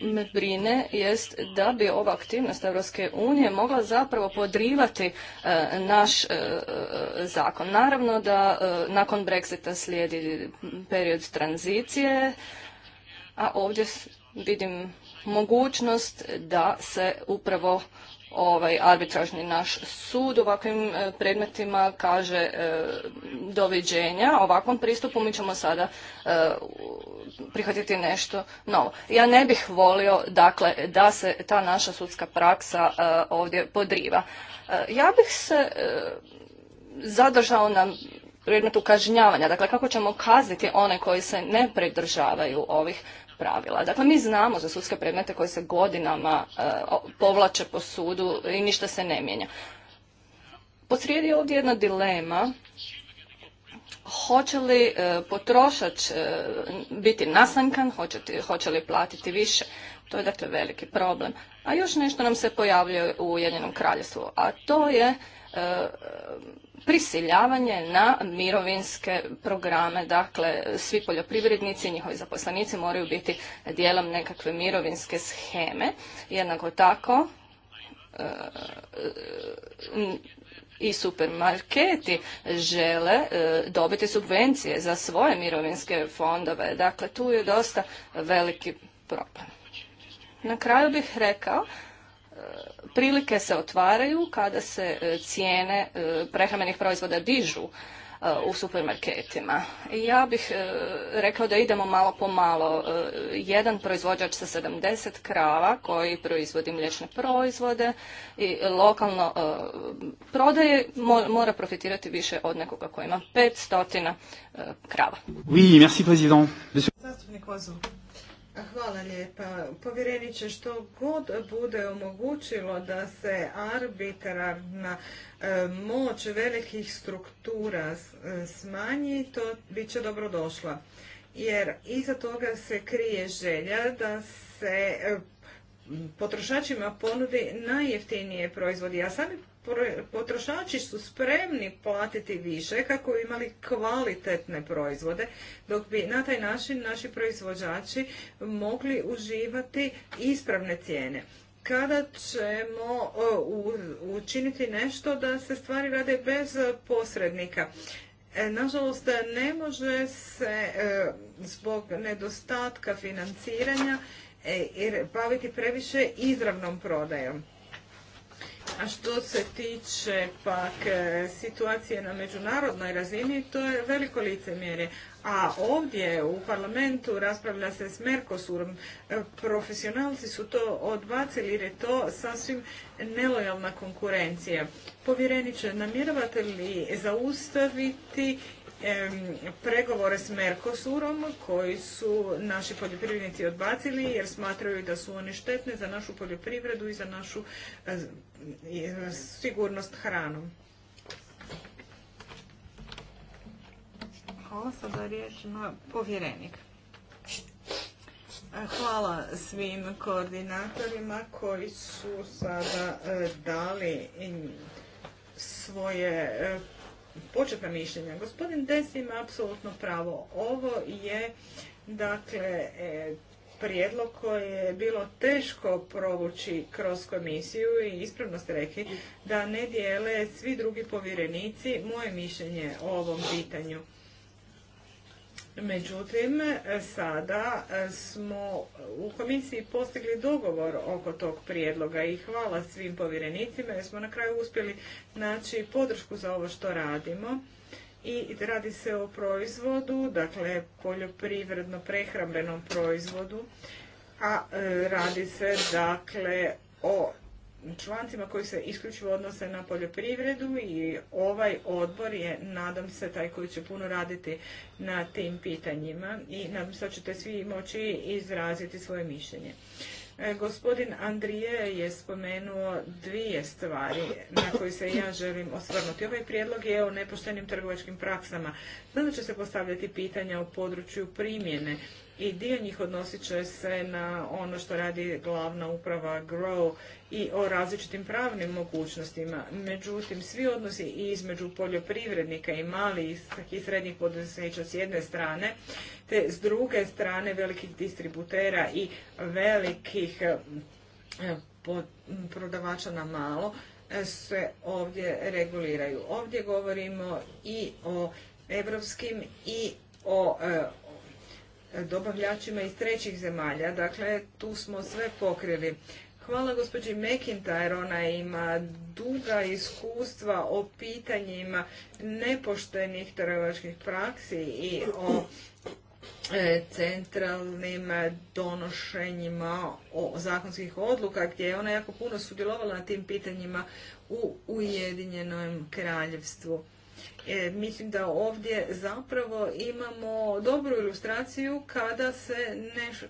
C: me brine jest da bi ova aktivnost Europske unije mogla zapravo podrivati naš zakon. Naravno da nakon Brexita slijedi period tranzicije, a ovdje vidim mogućnost da se upravo ovaj arbitražni naš sud u ovakvim e, predmetima kaže e, doviđenja ovakvom pristupu mi ćemo sada e, prihvatiti nešto novo. Ja ne bih volio dakle da se ta naša sudska praksa ovdje podriva. Ja bih se zadržao na predmetu kažnjavanja, dakle kako ćemo kazniti one koji se ne pridržavaju ovih pravila. Dakle, mi znamo za sudske predmete koji se godinama e, povlače po sudu i ništa se ne mijenja. Posrijedi je ovdje jedna dilema hoće li e, potrošač e, biti nasankan, hoće, li platiti više. To je dakle veliki problem. A još nešto nam se pojavljuje u Ujedinjenom kraljevstvu, a to je e, prisiljavanje na mirovinske programe. Dakle, svi poljoprivrednici i njihovi zaposlenici moraju biti dijelom nekakve mirovinske scheme. Jednako tako, i supermarketi žele e, dobiti subvencije za svoje mirovinske fondove. Dakle, tu je dosta veliki problem. Na kraju bih rekao, e, prilike se otvaraju kada se e, cijene prehrambenih proizvoda dižu E, u supermarketima. ja bih e, rekla da idemo malo po malo. E, jedan proizvođač sa 70 krava koji proizvodi mliječne proizvode i lokalno prodaje mora profitirati više od
B: nekoga koji ima 500 krava. Hvala lijepa. Povjereniče, što god bude omogućilo da se arbitrarna e, moć velikih struktura e, smanji, to bit će došla. Jer iza toga se krije želja da se e, potrošačima ponudi najjeftinije proizvodi. A sami potrošači su spremni platiti više kako bi imali kvalitetne proizvode, dok bi na taj način naši proizvođači mogli uživati ispravne cijene. Kada ćemo učiniti nešto da se stvari rade bez posrednika? E, nažalost, ne može se e, zbog nedostatka financiranja e, baviti previše izravnom prodajom. A što se tiče pak e, situacije na međunarodnoj razini, to je veliko licemjerje. A ovdje u parlamentu raspravlja se s Mercosurom. E, profesionalci su to odbacili jer je to sasvim nelojalna konkurencija. Povjereniče, namjeravate li zaustaviti pregovore s Merkosurom koji su naši poljoprivrednici odbacili jer smatraju da su oni štetne za našu poljoprivredu i za našu e, sigurnost hranom. Hvala sad povjerenik. E, hvala svim koordinatorima koji su sada e, dali svoje početna mišljenja. Gospodin Des ima apsolutno pravo. Ovo je dakle e, prijedlog koji je bilo teško provući kroz komisiju i ispravno ste rekli da ne dijele svi drugi povjerenici moje mišljenje o ovom pitanju. Međutim, sada e, smo u komisiji postigli dogovor oko tog prijedloga i hvala svim povjerenicima jer smo na kraju uspjeli naći podršku za ovo što radimo. I radi se o proizvodu, dakle poljoprivredno prehrambenom proizvodu, a e, radi se dakle o člancima koji se isključivo odnose na poljoprivredu i ovaj odbor je, nadam se, taj koji će puno raditi na tim pitanjima i nadam se da ćete svi moći izraziti svoje mišljenje. E, gospodin Andrije je spomenuo dvije stvari na koje se ja želim osvrnuti. Ovaj prijedlog je o nepoštenim trgovačkim praksama. Znači će se postavljati pitanja o području primjene i dio njih odnosit će se na ono što radi glavna uprava GROW i o različitim pravnim mogućnostima. Međutim, svi odnosi između poljoprivrednika i malih i srednjih poduzeća s jedne strane, te s druge strane velikih distributera i velikih eh, prodavača na malo, eh, se ovdje reguliraju. Ovdje govorimo i o evropskim i o eh, dobavljačima iz trećih zemalja. Dakle, tu smo sve pokrili. Hvala gospođi McIntyre, ona ima duga iskustva o pitanjima nepoštenih trgovačkih praksi i o e, centralnim donošenjima o zakonskih odluka gdje je ona jako puno sudjelovala na tim pitanjima u Ujedinjenom kraljevstvu. E, mislim da ovdje zapravo imamo dobru ilustraciju kada, se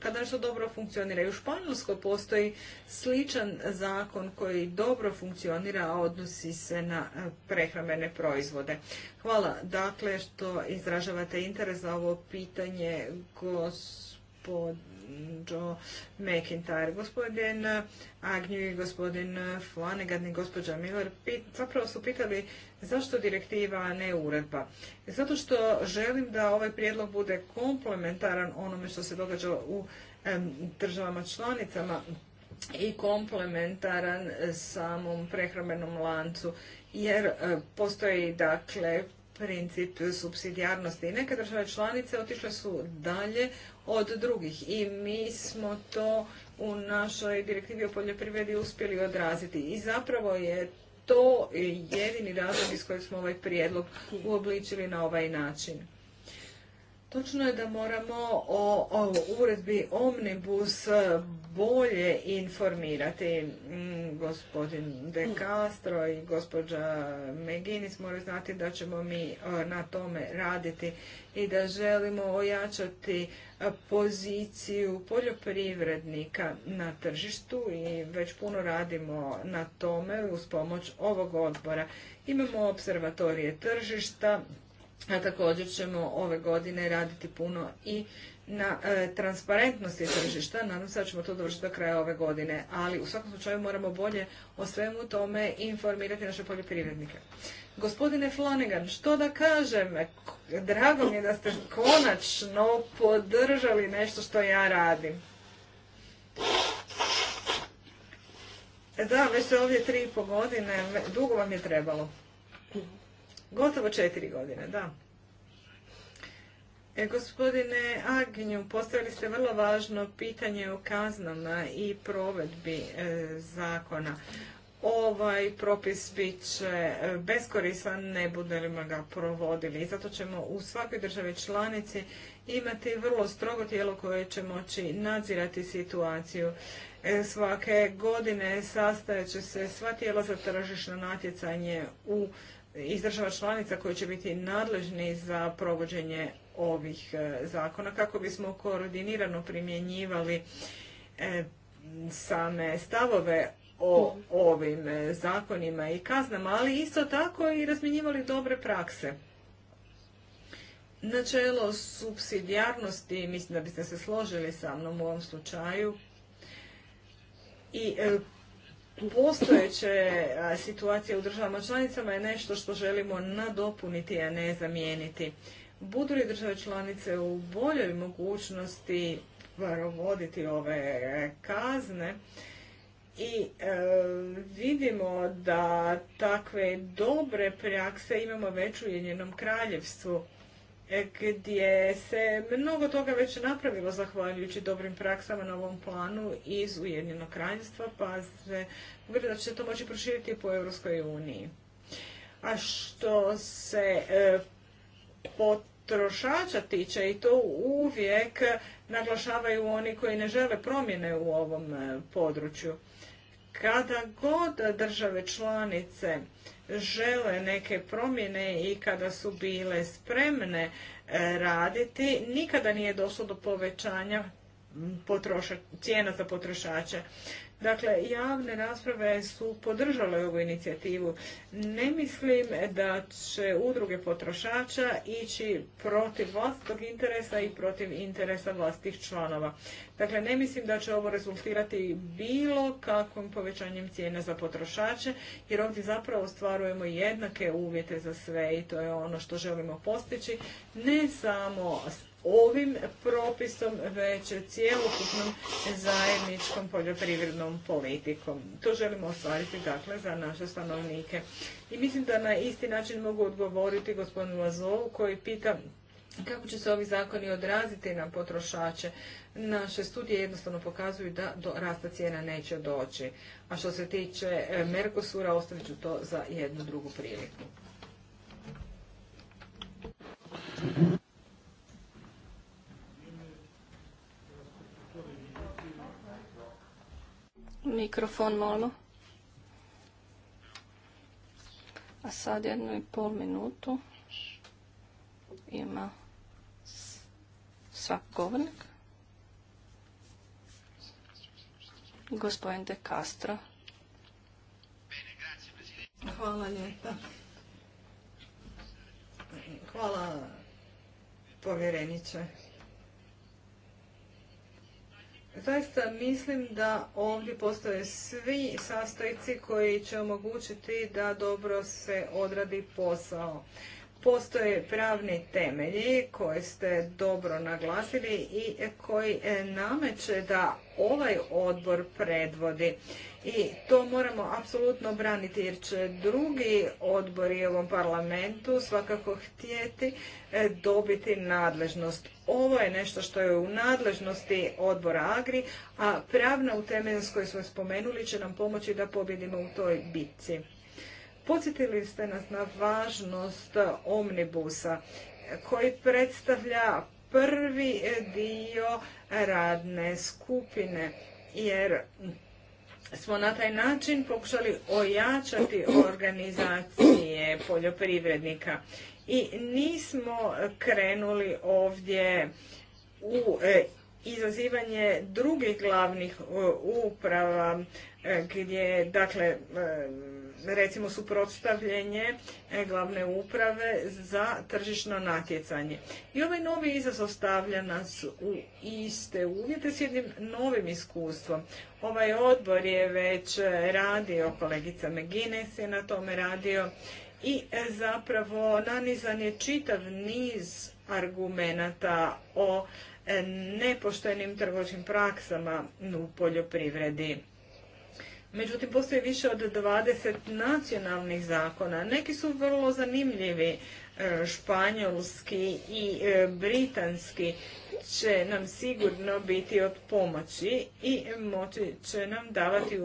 B: kada nešto dobro funkcionira. I u Španjolskoj postoji sličan zakon koji dobro funkcionira, a odnosi se na e, prehrambene proizvode. Hvala dakle što izražavate interes za ovo pitanje gospodine Joe McIntyre. Gospodin eh, Agnju i gospodin eh, Flanagan i gospođa Miller zapravo su pitali zašto direktiva, a ne uredba. Zato što želim da ovaj prijedlog bude komplementaran onome što se događa u državama članicama i komplementaran samom prehrambenom lancu jer eh, postoji dakle princip subsidijarnosti. Neke države članice otišle su dalje od drugih i mi smo to u našoj direktivi o poljoprivredi uspjeli odraziti. I zapravo je to jedini razlog iz kojeg smo ovaj prijedlog uobličili na ovaj način. Točno je da moramo o, uredbi Omnibus bolje informirati. Mm, gospodin De mm. Castro i gospođa Meginis moraju znati da ćemo mi e, na tome raditi i da želimo ojačati e, poziciju poljoprivrednika na tržištu i već puno radimo na tome uz pomoć ovog odbora. Imamo observatorije tržišta, a također ćemo ove godine raditi puno i na e, transparentnosti tržišta. Nadam se da ćemo to dovršiti do kraja ove godine, ali u svakom slučaju moramo bolje o svemu tome informirati naše poljoprivrednike. Gospodine Flanagan, što da kažem, drago mi je da ste konačno podržali nešto što ja radim. E da, već se ovdje tri i po godine, dugo vam je trebalo. Gotovo četiri godine, da. E, gospodine Agnju, postavili ste vrlo važno pitanje o kaznama i provedbi e, zakona. Ovaj propis bit će e, beskorisan, ne budemo ga provodili. I zato ćemo u svakoj državi članici imati vrlo strogo tijelo koje će moći nadzirati situaciju. svake godine sastaje će se sva tijela za tržišno natjecanje u iz država članica koji će biti nadležni za provođenje ovih e, zakona kako bismo koordinirano primjenjivali e, same stavove o ovim e, zakonima i kaznama, ali isto tako i razmjenjivali dobre prakse. Načelo subsidijarnosti, mislim da biste se složili sa mnom u ovom slučaju, i postojeće situacije u državama članicama je nešto što želimo nadopuniti, a ne zamijeniti. Budu li države članice u boljoj mogućnosti provoditi ove e, kazne i e, vidimo da takve dobre prakse imamo već u Ujedinjenom kraljevstvu gdje se mnogo toga već napravilo zahvaljujući dobrim praksama na ovom planu iz Ujedinjenog kraljevstva, pa se da će se to moći proširiti po Europskoj uniji. A što se e, potrošača tiče, i to uvijek naglašavaju oni koji ne žele promjene u ovom e, području. Kada god države članice žele neke promjene i kada su bile spremne e, raditi, nikada nije došlo do povećanja cijena za potrošače. Dakle, javne rasprave su podržale ovu inicijativu. Ne mislim da će udruge potrošača ići protiv vlastitog interesa i protiv interesa vlastih članova. Dakle, ne mislim da će ovo rezultirati bilo kakvim povećanjem cijena za potrošače, jer ovdje zapravo ostvarujemo jednake uvjete za sve i to je ono što želimo postići, ne samo ovim propisom, već cijelokupnom zajedničkom poljoprivrednom politikom. To želimo ostvariti dakle za naše stanovnike. I mislim da na isti način mogu odgovoriti gospodinu Lazovu koji pita kako će se ovi zakoni odraziti na potrošače? Naše studije jednostavno pokazuju da do rasta cijena neće doći. A što se tiče e, Merkosura, ostavit ću to za jednu drugu priliku.
C: Mikrofon, malo. A sad jednu i pol minutu ima svak govornik. Gospodin De Castro.
B: Hvala lijepa. Hvala povjereniče. Zaista mislim da ovdje postoje svi sastojci koji će omogućiti da dobro se odradi posao. Postoje pravni temelji koje ste dobro naglasili i koji e, nameće da ovaj odbor predvodi. I to moramo apsolutno braniti jer će drugi odbori u ovom parlamentu svakako htjeti e, dobiti nadležnost. Ovo je nešto što je u nadležnosti odbora Agri, a pravna utemeljenost koju smo spomenuli će nam pomoći da pobjedimo u toj bitci. Podsjetili ste nas na važnost omnibusa koji predstavlja prvi dio radne skupine jer smo na taj način pokušali ojačati organizacije poljoprivrednika i nismo krenuli ovdje u e, izazivanje drugih glavnih e, uprava e, gdje dakle e, recimo suprotstavljenje glavne uprave za tržišno natjecanje. I ovaj novi izazov stavlja nas u iste uvjete s jednim novim iskustvom. Ovaj odbor je već radio, kolegica Megines je na tome radio i zapravo nanizan je čitav niz argumenata o nepoštenim trgovačkim praksama u poljoprivredi. Međutim, postoji više od 20 nacionalnih zakona. Neki su vrlo zanimljivi, E, španjolski i e, britanski će nam sigurno biti od pomoći i moći će nam davati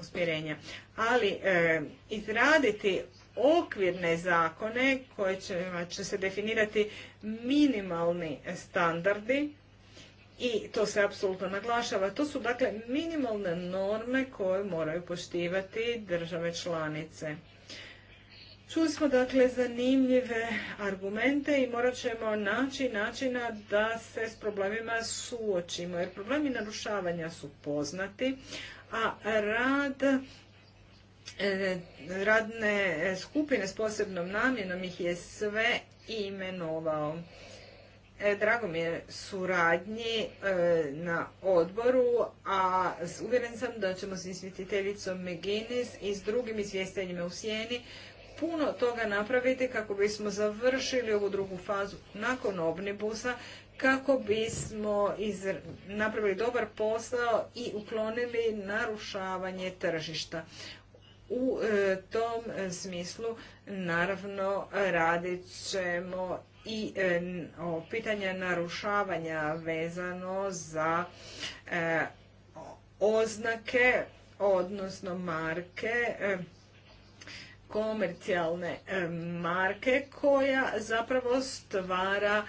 B: usmjerenja. Ali e, izraditi okvirne zakone koje će, će se definirati minimalni standardi i to se apsolutno naglašava. To su dakle minimalne norme koje moraju poštivati države članice. Čuli smo dakle zanimljive argumente i morat ćemo naći načina da se s problemima suočimo. Jer problemi narušavanja su poznati, a rad e, radne skupine s posebnom namjenom ih je sve imenovao. E, drago mi je suradnji e, na odboru, a uvjeren sam da ćemo s izvjestiteljicom McGinnis i s drugim izvjestiteljima u Sjeni puno toga napraviti kako bismo završili ovu drugu fazu nakon omnibusa, kako bismo napravili dobar posao i uklonili narušavanje tržišta. U e, tom smislu naravno radit ćemo i e, o pitanja narušavanja vezano za e, oznake, odnosno marke komercijalne e, marke koja zapravo stvara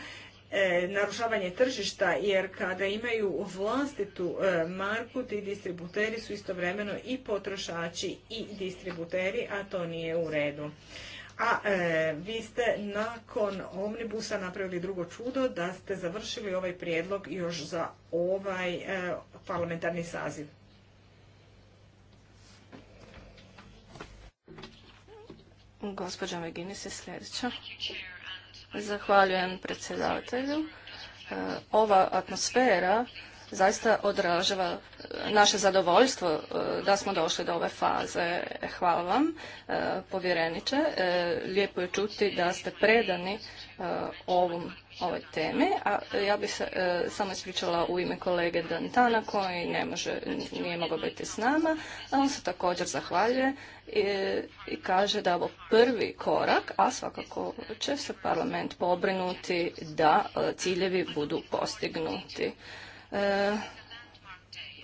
B: e, narušavanje tržišta jer kada imaju vlastitu e, marku ti distributeri su istovremeno i potrošači i distributeri, a to nije u redu. A vi ste nakon Omnibusa napravili drugo čudo da ste završili ovaj prijedlog još za ovaj parlamentarni saziv.
C: Gospođa Meginis je sljedeća. Zahvaljujem predsjedavatelju. E, ova atmosfera zaista odražava naše zadovoljstvo e, da smo došli do ove faze. E, hvala vam, povjereniče. Lijepo je čuti da ste predani ovom ove teme, a e, ja bih se e, samo ispričala u ime kolege Dantana koji ne može, nije mogao biti s nama, a on se također zahvaljuje e, i, kaže da ovo prvi korak, a svakako će se parlament pobrinuti da ciljevi budu postignuti.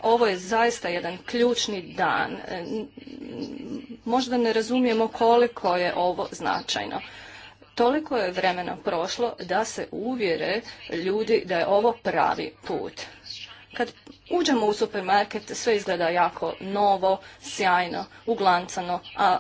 C: ovo je zaista jedan ključni dan. Možda ne razumijemo koliko je ovo značajno. Toliko je vremena prošlo da se uvjere ljudi da je ovo pravi put. Kad uđemo u supermarket sve izgleda jako novo, sjajno, uglancano, a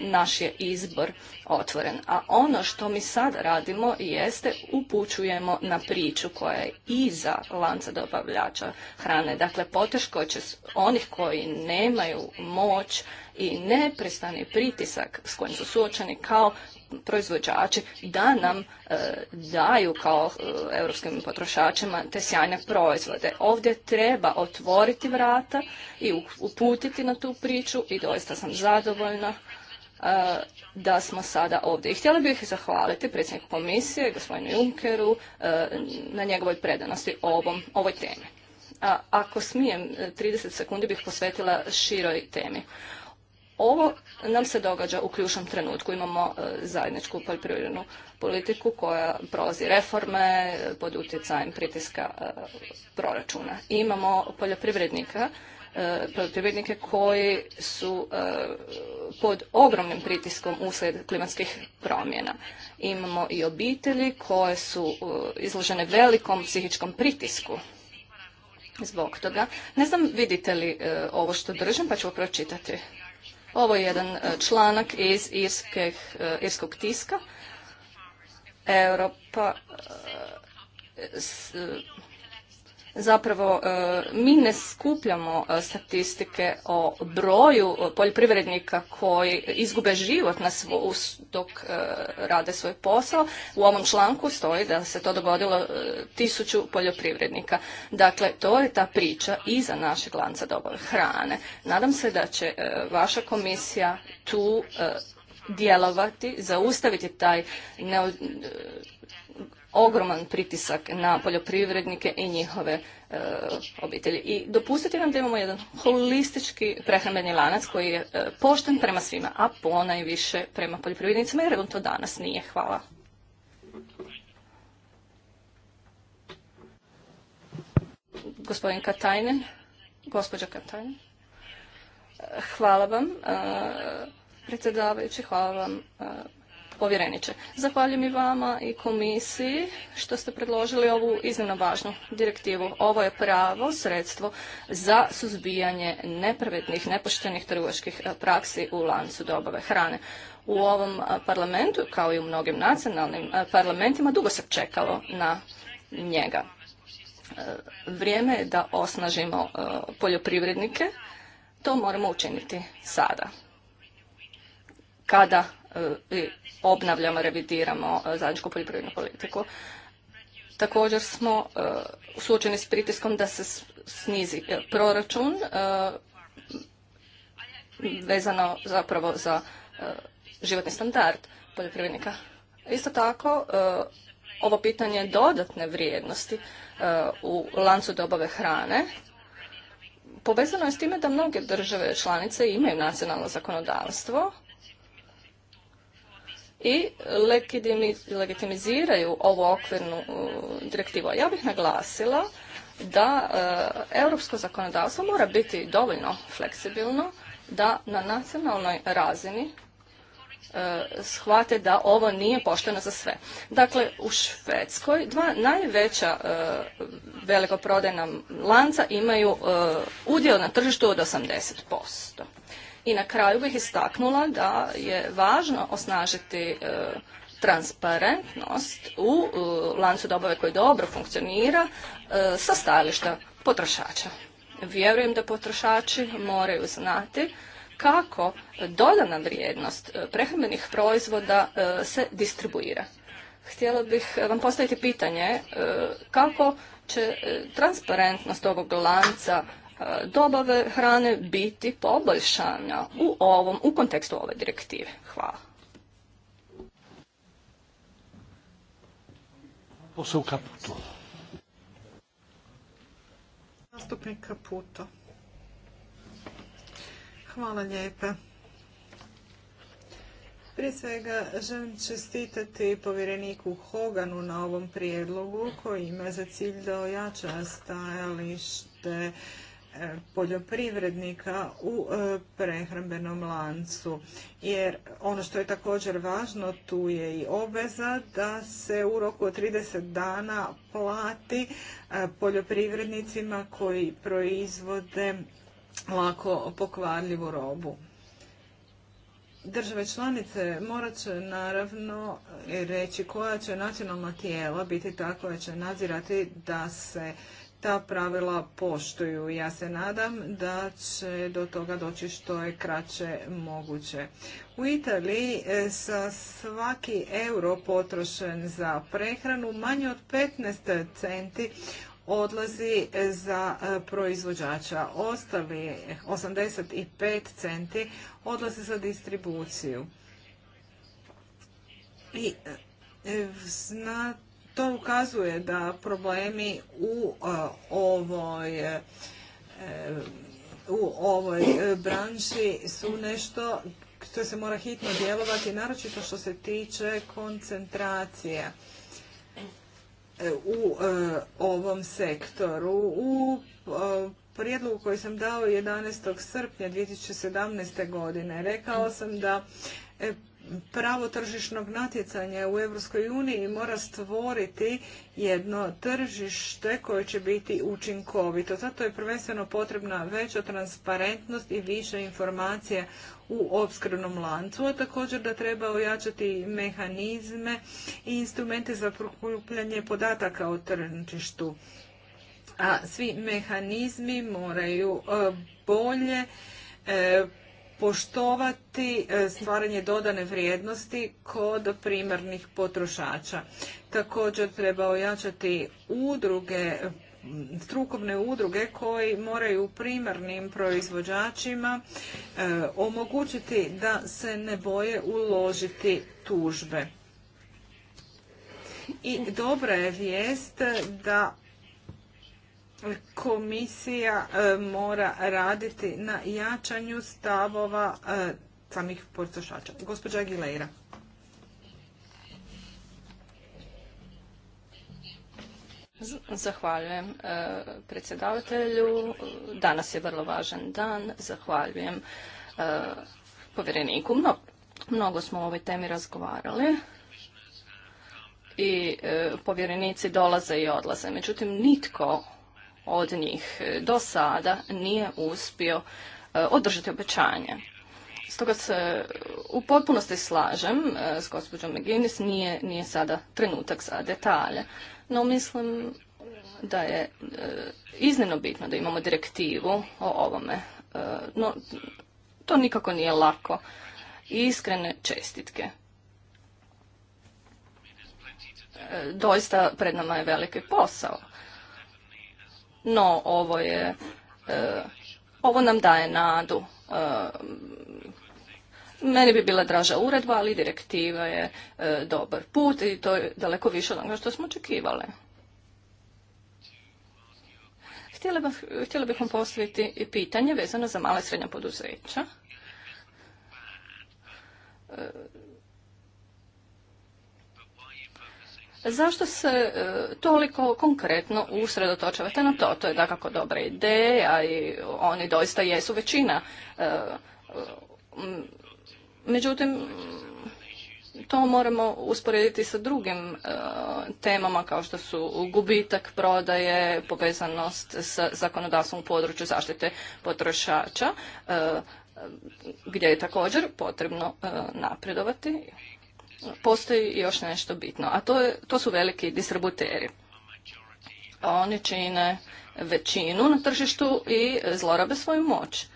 C: naš je izbor otvoren. A ono što mi sad radimo jeste upućujemo na priču koja je iza lanca dobavljača hrane. Dakle, poteškoće onih koji nemaju moć i neprestani pritisak s kojim su suočeni kao proizvođači da nam e, daju kao e, europskim potrošačima te sjajne proizvode. Ovdje treba otvoriti vrata i uputiti na tu priču i doista sam zadovoljna E, da smo sada ovdje. I htjela bih zahvaliti predsjedniku komisije, gospodinu Junkeru, e, na njegovoj predanosti ovom, ovoj temi. A ako smijem, 30 e, sekundi bih posvetila široj temi. Ovo nam se događa u ključnom trenutku. Imamo zajedničku poljoprivrednu politiku koja prolazi reforme pod utjecajem pritiska proračuna. Imamo poljoprivrednika E, poljoprivrednike koji su e, pod ogromnim pritiskom uslijed klimatskih promjena. Imamo i obitelji koje su e, izložene velikom psihičkom pritisku zbog toga. Ne znam vidite li ovo što držim, pa ću pročitati. Ovo je jedan članak iz irskog tiska. Europa zapravo e, mi ne skupljamo e, statistike o broju poljoprivrednika koji izgube život na svo, dok e, rade svoj posao. U ovom članku stoji da se to dogodilo tisuću poljoprivrednika. Dakle, to je ta priča iza našeg lanca dobave hrane. Nadam se da će vaša komisija tu djelovati, zaustaviti taj ogroman pritisak na poljoprivrednike i njihove e, obitelji. I dopustite nam da imamo jedan holistički prehrambeni lanac koji je e, pošten prema svima, a ponajviše prema poljoprivrednicima jer on to danas nije. Hvala. Gospodin Katajnen, gospođa Katajnen. Hvala vam, e, predsjedavajući, hvala vam povjereniče. Zahvaljujem i vama i komisiji što ste predložili ovu iznimno važnu direktivu. Ovo je pravo sredstvo za suzbijanje nepravednih, nepoštenih trgovačkih e, praksi u lancu dobave hrane. U ovom e, parlamentu, kao i u mnogim nacionalnim e, parlamentima, dugo se čekalo na njega. Vrijeme je da osnažimo poljoprivrednike, to moramo učiniti sada. Kada obnavljamo, revidiramo e, zajedničku poljoprivrednu politiku. Također smo e, suočeni s pritiskom da se snizi e, proračun vezano zapravo za životni standard poljoprivrednika. Isto tako, ovo pitanje dodatne vrijednosti u lancu dobave hrane povezano je s time da mnoge države članice imaju nacionalno zakonodavstvo i legitimiziraju ovu okvirnu direktivu. Ja bih naglasila da e, europsko zakonodavstvo mora biti dovoljno fleksibilno da na nacionalnoj razini e, shvate da ovo nije pošteno za sve. Dakle, u Švedskoj dva najveća e, velikoprodajna lanca imaju udjel na tržištu od 80%. I na kraju bih istaknula da je važno osnažiti e, transparentnost u e, lancu dobave koji dobro funkcionira e, sa stajališta potrošača. Vjerujem da potrošači moraju znati kako dodana vrijednost prehrambenih proizvoda se distribuira. Htjela bih vam postaviti pitanje kako će transparentnost ovog lanca E, dobave hrane biti poboljšana u ovom, u kontekstu ove direktive. Hvala.
B: Kaputo. Kaputo. Hvala lijepa. Prije svega želim čestitati povjereniku Hoganu na ovom prijedlogu koji ima za cilj da ojača stajalište E, poljoprivrednika u e, prehrambenom lancu. Jer ono što je također važno tu je i obveza da se u roku od 30 dana plati e, poljoprivrednicima koji proizvode lako pokvarljivu robu. Države članice morat će naravno reći koja će nacionalna tijela biti ta koja će nadzirati da se ta pravila poštuju. Ja se nadam da će do toga doći što je kraće moguće. U Italiji e, sa svaki euro potrošen za prehranu manje od 15 centi odlazi za e, proizvođača. Ostali 85 centi odlazi za distribuciju. I e, znate to ukazuje da problemi u e, ovoj e, u ovoj e, branši su nešto što se mora hitno djelovati, naročito što se tiče koncentracije u ovom sektoru. U prijedlogu koji sam dao 11. srpnja 2017. godine rekao sam da pravo tržišnog natjecanja u Europskoj uniji mora stvoriti jedno tržište koje će biti učinkovito. Zato je prvenstveno potrebna veća transparentnost i više informacija u opskrbnom lancu, a također da treba ojačati mehanizme i instrumente za prokupljanje podataka o tržištu. A svi mehanizmi moraju e, bolje e, poštovati e, stvaranje dodane vrijednosti kod primarnih potrošača. Također treba ojačati udruge strukovne udruge koji moraju primarnim proizvođačima e, omogućiti da se ne boje uložiti tužbe. I dobra je vijest da komisija e, mora raditi na jačanju stavova e, samih potrošača. Gospođa Aguilera.
C: Zahvaljujem e, predsjedavatelju. Danas je vrlo važan dan. Zahvaljujem povjereniku. Mnogo smo o ovoj temi razgovarali i povjerenici dolaze i odlaze. Međutim, nitko od njih do sada nije uspio e, održati obećanje. Stoga se u potpunosti slažem e, s gospođom McGinnis, nije, nije sada trenutak za detalje. No mislim da je e, iznimno bitno da imamo direktivu o ovome. No, to nikako nije lako. I iskrene čestitke. Doista pred nama je veliki posao. No, ovo je, e, ovo nam daje nadu. E, meni bi bila draža uredba, ali direktiva je e, dobar put i to je daleko više od onoga što smo očekivali. Htjela, bih, htjela bih vam postaviti i pitanje vezano za male i srednja poduzeća. Zašto se e, toliko konkretno usredotočavate na to? To je dakako dobra ideja i oni doista jesu većina. E, međutim, to moramo usporediti sa drugim e, temama kao što su gubitak prodaje, povezanost sa zakonodavstvom u području zaštite potrošača, gdje je također potrebno napredovati postoji još nešto bitno, a to, je, to su veliki distributeri. Oni čine većinu na tržištu i zlorabe svoju moć.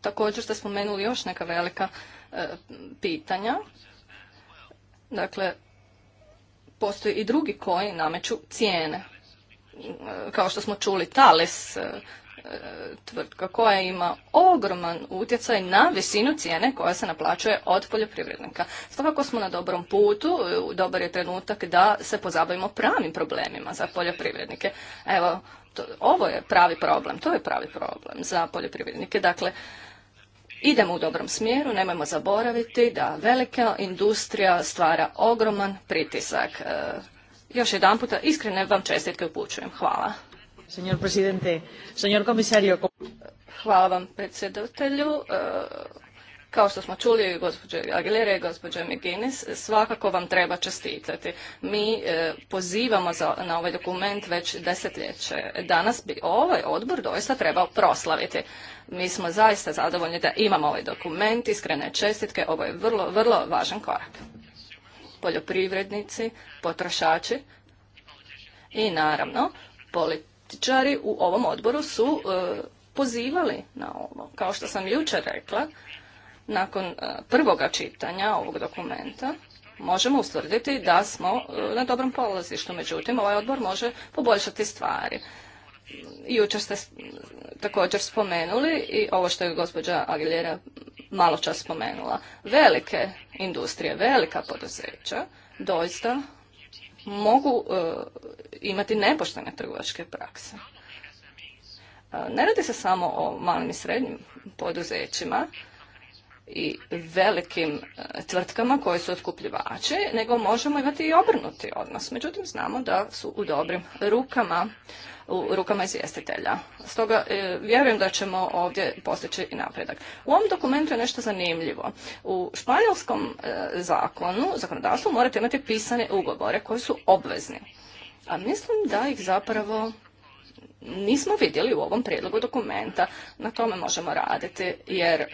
C: Također ste spomenuli još neka velika e, pitanja. Dakle, postoji i drugi koji nameću cijene. E, kao što smo čuli, Thales e, tvrtka koja ima ogroman utjecaj na visinu cijene koja se naplaćuje od poljoprivrednika. Svakako smo na dobrom putu, dobar je trenutak da se pozabavimo pravim problemima za poljoprivrednike. Evo, to, ovo je pravi problem, to je pravi problem za poljoprivrednike. Dakle, idemo u dobrom smjeru, nemojmo zaboraviti da velika industrija stvara ogroman pritisak. E, još jedan puta iskrene vam čestitke upućujem. Hvala.
D: Señor presidente,
C: Hvala vam predsjedatelju. E, kao što smo čuli gospođe Aguilera i gospođe McGuinness, svakako vam treba čestitati. Mi e, pozivamo na ovaj dokument već desetljeće. Danas bi ovaj odbor doista trebao proslaviti. Mi smo zaista zadovoljni da imamo ovaj dokument, iskrene čestitke, ovo je vrlo, vrlo važan korak. Poljoprivrednici, potrošači i naravno politici političari u ovom odboru su e, pozivali na ovo. Kao što sam jučer rekla, nakon e, prvoga čitanja ovog dokumenta, možemo ustvrditi da smo e, na dobrom polazištu. Međutim, ovaj odbor može poboljšati stvari. Jučer ste također spomenuli i ovo što je gospođa Aguilera malo čas spomenula. Velike industrije, velika poduzeća doista mogu e, imati nepoštene trgovačke prakse. E, ne radi se samo o malim i srednjim poduzećima, i velikim e, tvrtkama koji su otkupljivači, nego možemo imati i obrnuti odnos. Međutim, znamo da su u dobrim rukama u rukama izvjestitelja. Stoga e, vjerujem da ćemo ovdje postići i napredak. U ovom dokumentu je nešto zanimljivo. U španjolskom e, zakonu, zakonodavstvu morate imati pisane ugovore koji su obvezni. A mislim da ih zapravo nismo vidjeli u ovom prijedlogu dokumenta. Na tome možemo raditi jer e,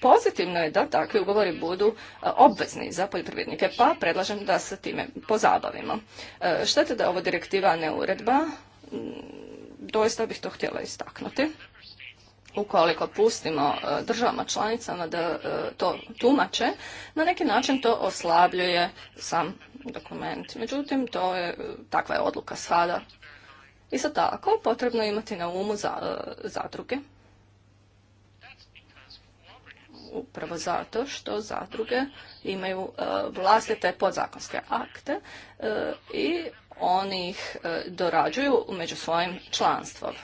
C: pozitivno je da takvi ugovori budu e, obvezni za poljoprivrednike, pa predlažem da se time pozabavimo. E, Štete da je ovo direktiva, a ne uredba, mm, doista bih to htjela istaknuti ukoliko pustimo državama članicama da to tumače, na neki način to oslabljuje sam dokument. Međutim, to je, takva je odluka sada Isto tako, potrebno je imati na umu e, zadruge. Upravo zato što zadruge imaju e, vlastite podzakonske akte e, i oni ih dorađuju među svojim članstvom.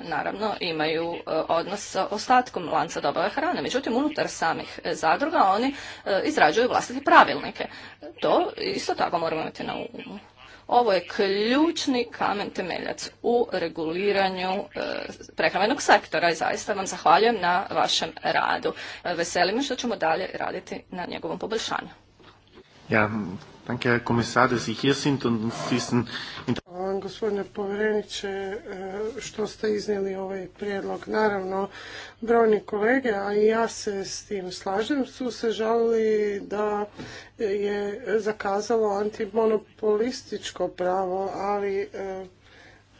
C: Naravno, imaju odnos sa ostatkom lanca dobave hrane. Međutim, unutar samih zadruga oni izrađuju vlastite pravilnike. To isto tako moramo imati na umu. Ovo je ključni kamen temeljac u reguliranju e, prehramenog sektora i zaista vam zahvaljujem na vašem radu. E, veselim me što ćemo dalje raditi na njegovom
A: poboljšanju. Ja, Danke, gospodine povjereniče, e, što ste iznijeli ovaj prijedlog. Naravno, brojni kolege, a i ja se s tim slažem, su se žalili da je zakazalo antimonopolističko pravo, ali e,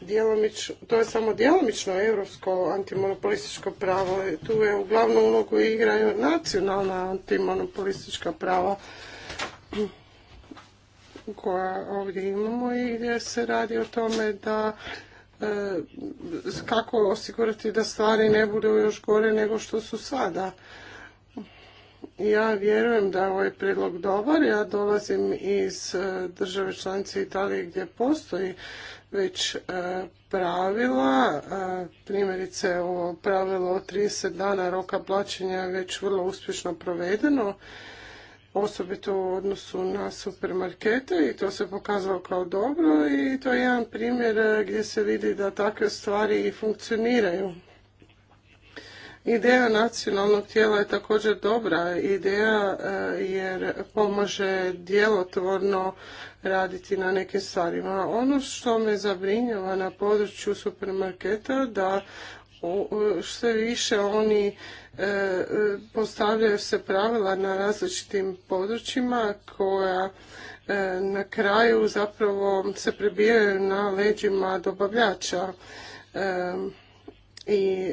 A: djelomično, to je samo djelomično europsko antimonopolističko pravo. Tu je uglavnom ulogu igraju nacionalna antimonopolistička prava koja ovdje imamo i gdje se radi o tome da e, kako osigurati da stvari ne budu još gore nego što su sada. Ja vjerujem da je ovaj predlog dobar. Ja dolazim iz e, države članice Italije gdje postoji već e, pravila. Primjerice ovo pravilo 30 dana roka plaćanja je već vrlo uspješno provedeno osobito u odnosu na supermarkete i to se pokazalo kao dobro i to je jedan primjer eh, gdje se vidi da takve stvari i funkcioniraju. Ideja nacionalnog tijela je također dobra ideja eh, jer pomaže djelotvorno raditi na nekim stvarima. Ono što me zabrinjava na području supermarketa da eh, sve više oni E, postavljaju se pravila na različitim područjima koja e, na kraju zapravo se prebijaju na leđima dobavljača e, i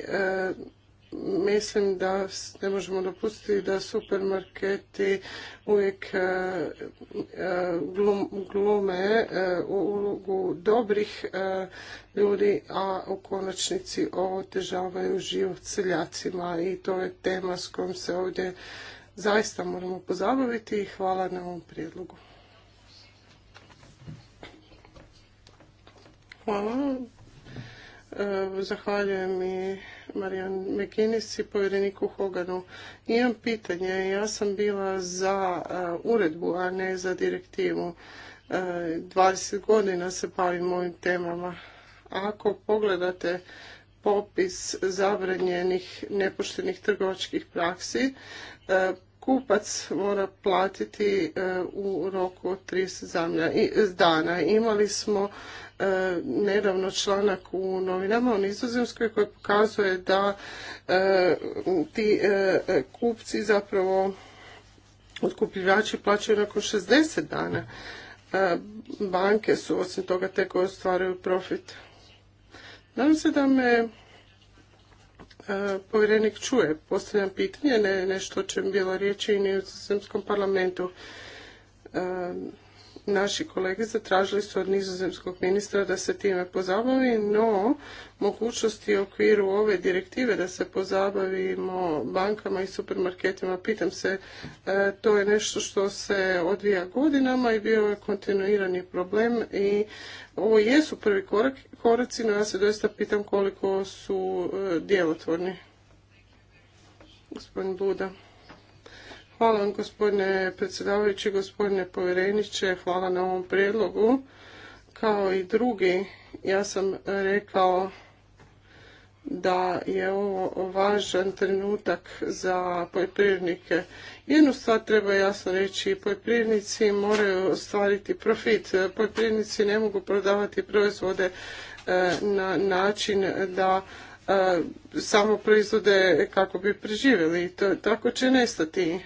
A: mislim da ne možemo dopustiti da supermarketi uvijek e, e, glume e, u ulogu dobrih ljudi, a u konačnici otežavaju život seljacima i to je tema s kojom se ovdje zaista moramo pozabaviti i hvala na ovom prijedlogu. Hvala. Zahvaljujem i Marijan Mekinis i povjereniku Hoganu. Imam pitanje, ja sam bila za uh, uredbu, a ne za direktivu. 20 uh, godina se bavim ovim temama. Ako pogledate popis zabranjenih nepoštenih trgovačkih praksi, uh, kupac mora platiti u roku od 30 dana. Imali smo E, nedavno članak u novinama u Nizozemskoj koji pokazuje da e, ti e, kupci zapravo otkupljivači plaćaju nakon 60 dana. Banke su osim toga koje ostvaraju profit. Nadam se da me povjerenik čuje. Postavljam pitanje, ne, nešto o čem bilo riječi i u Nizozemskom parlamentu naši kolege zatražili su od nizozemskog ministra da se time pozabavi, no mogućnosti u okviru ove direktive da se pozabavimo bankama i supermarketima, pitam se, e, to je nešto što se odvija godinama i bio je kontinuirani problem i ovo jesu prvi koraci, no ja se doista pitam koliko su e, djelotvorni. Gospodin Buda. Hvala vam gospodine predsjedavajući, gospodine povjereniče, hvala na ovom prijedlogu. Kao i drugi, ja sam rekao da je ovo važan trenutak za poljoprivrednike. Jednu stvar treba jasno reći, poljoprivrednici moraju ostvariti profit. Poljoprivrednici ne mogu prodavati proizvode e, na način da e, samo proizvode kako bi preživjeli. To, tako će nestati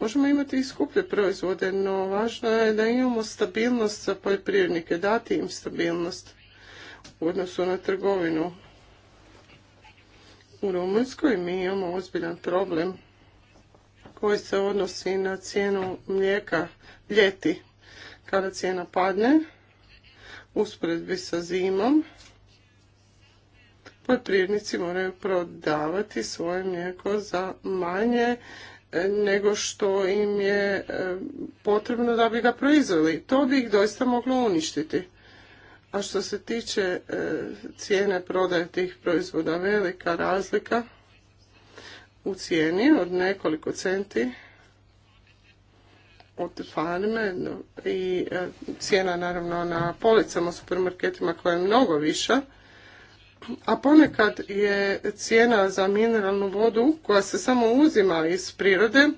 A: Možemo imati i skuplje proizvode, no važno je da imamo stabilnost za poljoprivrednike, dati im stabilnost u odnosu na trgovinu. U Rumunjskoj mi imamo ozbiljan problem koji se odnosi na cijenu mlijeka ljeti. Kada cijena padne, usporedbi sa zimom, poljoprivrednici moraju prodavati svoje mlijeko za manje nego što im je e, potrebno da bi ga proizveli. To bi ih doista moglo uništiti. A što se tiče e, cijene prodaje tih proizvoda, velika razlika u cijeni od nekoliko centi od farme i e, cijena naravno na policama u supermarketima koja je mnogo viša a ponekad je cijena za mineralnu vodu koja se samo uzima iz prirode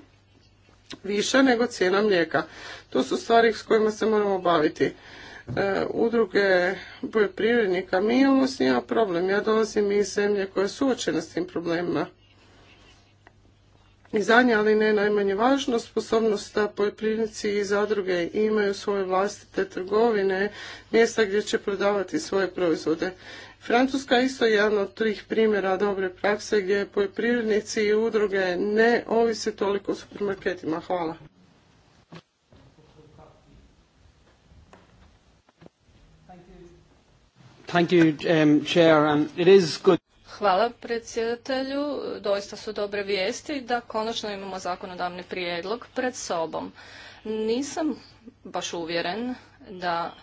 A: viša nego cijena mlijeka. To su stvari s kojima se moramo baviti. E, udruge poljoprivrednika, mi imamo s njima problem. Ja dolazim iz zemlje koja je suočena s tim problemima. I zadnje, ali ne najmanje važno, sposobnost da poljoprivrednici i zadruge imaju svoje vlastite trgovine, mjesta gdje će prodavati svoje proizvode. Francuska je isto jedan od trih primjera dobre prakse gdje poljoprivrednici i udruge ne ovise toliko o supermarketima. Hvala.
B: Um, um,
C: Hvala predsjedatelju. Doista su dobre vijesti da konačno imamo zakonodavni prijedlog pred sobom. Nisam baš uvjeren da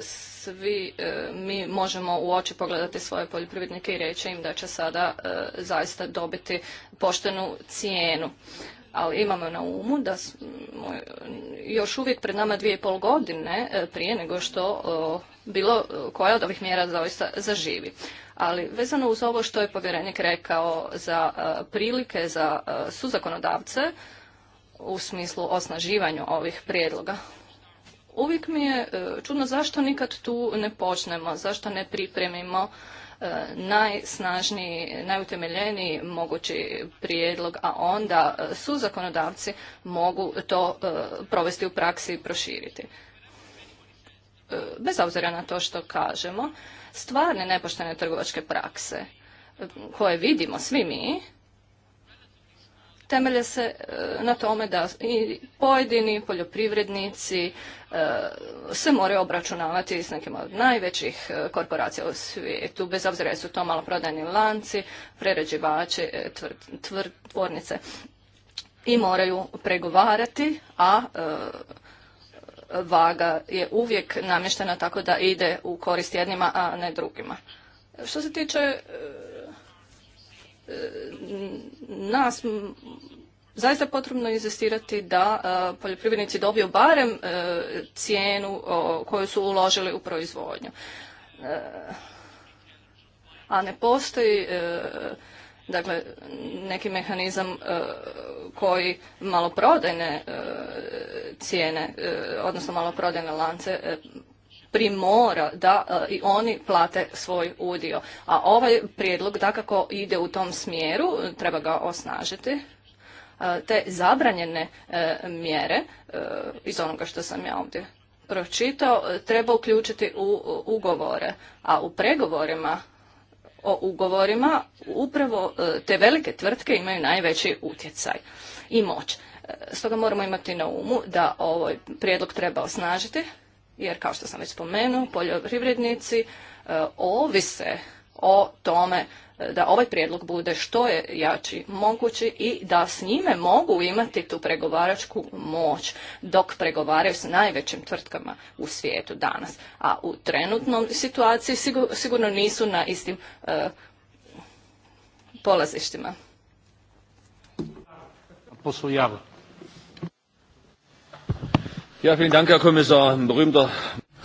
C: svi e, mi možemo u oči pogledati svoje poljoprivrednike i reći im da će sada e, zaista dobiti poštenu cijenu. Ali imamo na umu da smo još uvijek pred nama dvije i pol godine e, prije nego što bilo koja od ovih mjera zaista zaživi. Ali vezano uz ovo što je povjerenik rekao za prilike za suzakonodavce u smislu osnaživanja ovih prijedloga, Uvijek mi je e, čudno zašto nikad tu ne počnemo, zašto ne pripremimo e, najsnažniji, najutemeljeniji mogući prijedlog, a onda e, su zakonodavci mogu to provesti u praksi i proširiti. Bez obzira na to što kažemo, stvarne nepoštene trgovačke prakse koje vidimo svi mi, temelje se e, na tome da i pojedini poljoprivrednici e, se moraju obračunavati s nekim od najvećih e, korporacija u svijetu, bez obzira su to maloprodajni lanci, prerađivači, tvornice i moraju pregovarati, a vaga je uvijek namještena tako da ide u korist jednima, a ne drugima. Što se tiče nas zaista potrebno inzistirati da e, poljoprivrednici dobiju barem e, cijenu koju su uložili u proizvodnju. E, a ne postoji dakle neki mehanizam koji maloprodajne cijene, odnosno maloprodajne lance primora da e, i oni plate svoj udio. A ovaj prijedlog dakako ide u tom smjeru, e, treba ga osnažiti e, te zabranjene mjere iz onoga što sam ja ovdje pročitao treba uključiti u ugovore, a u pregovorima o ugovorima upravo te velike tvrtke imaju najveći utjecaj i moć. Stoga moramo imati na umu da ovaj prijedlog treba osnažiti jer kao što sam već spomenuo, poljoprivrednici e, ovise o tome e, da ovaj prijedlog bude što je jači mogući i da s njime mogu imati tu pregovaračku moć dok pregovaraju s najvećim tvrtkama u svijetu danas. A u trenutnom situaciji sigurno nisu na istim e, polazištima.
A: Ja, vielen Dank, Herr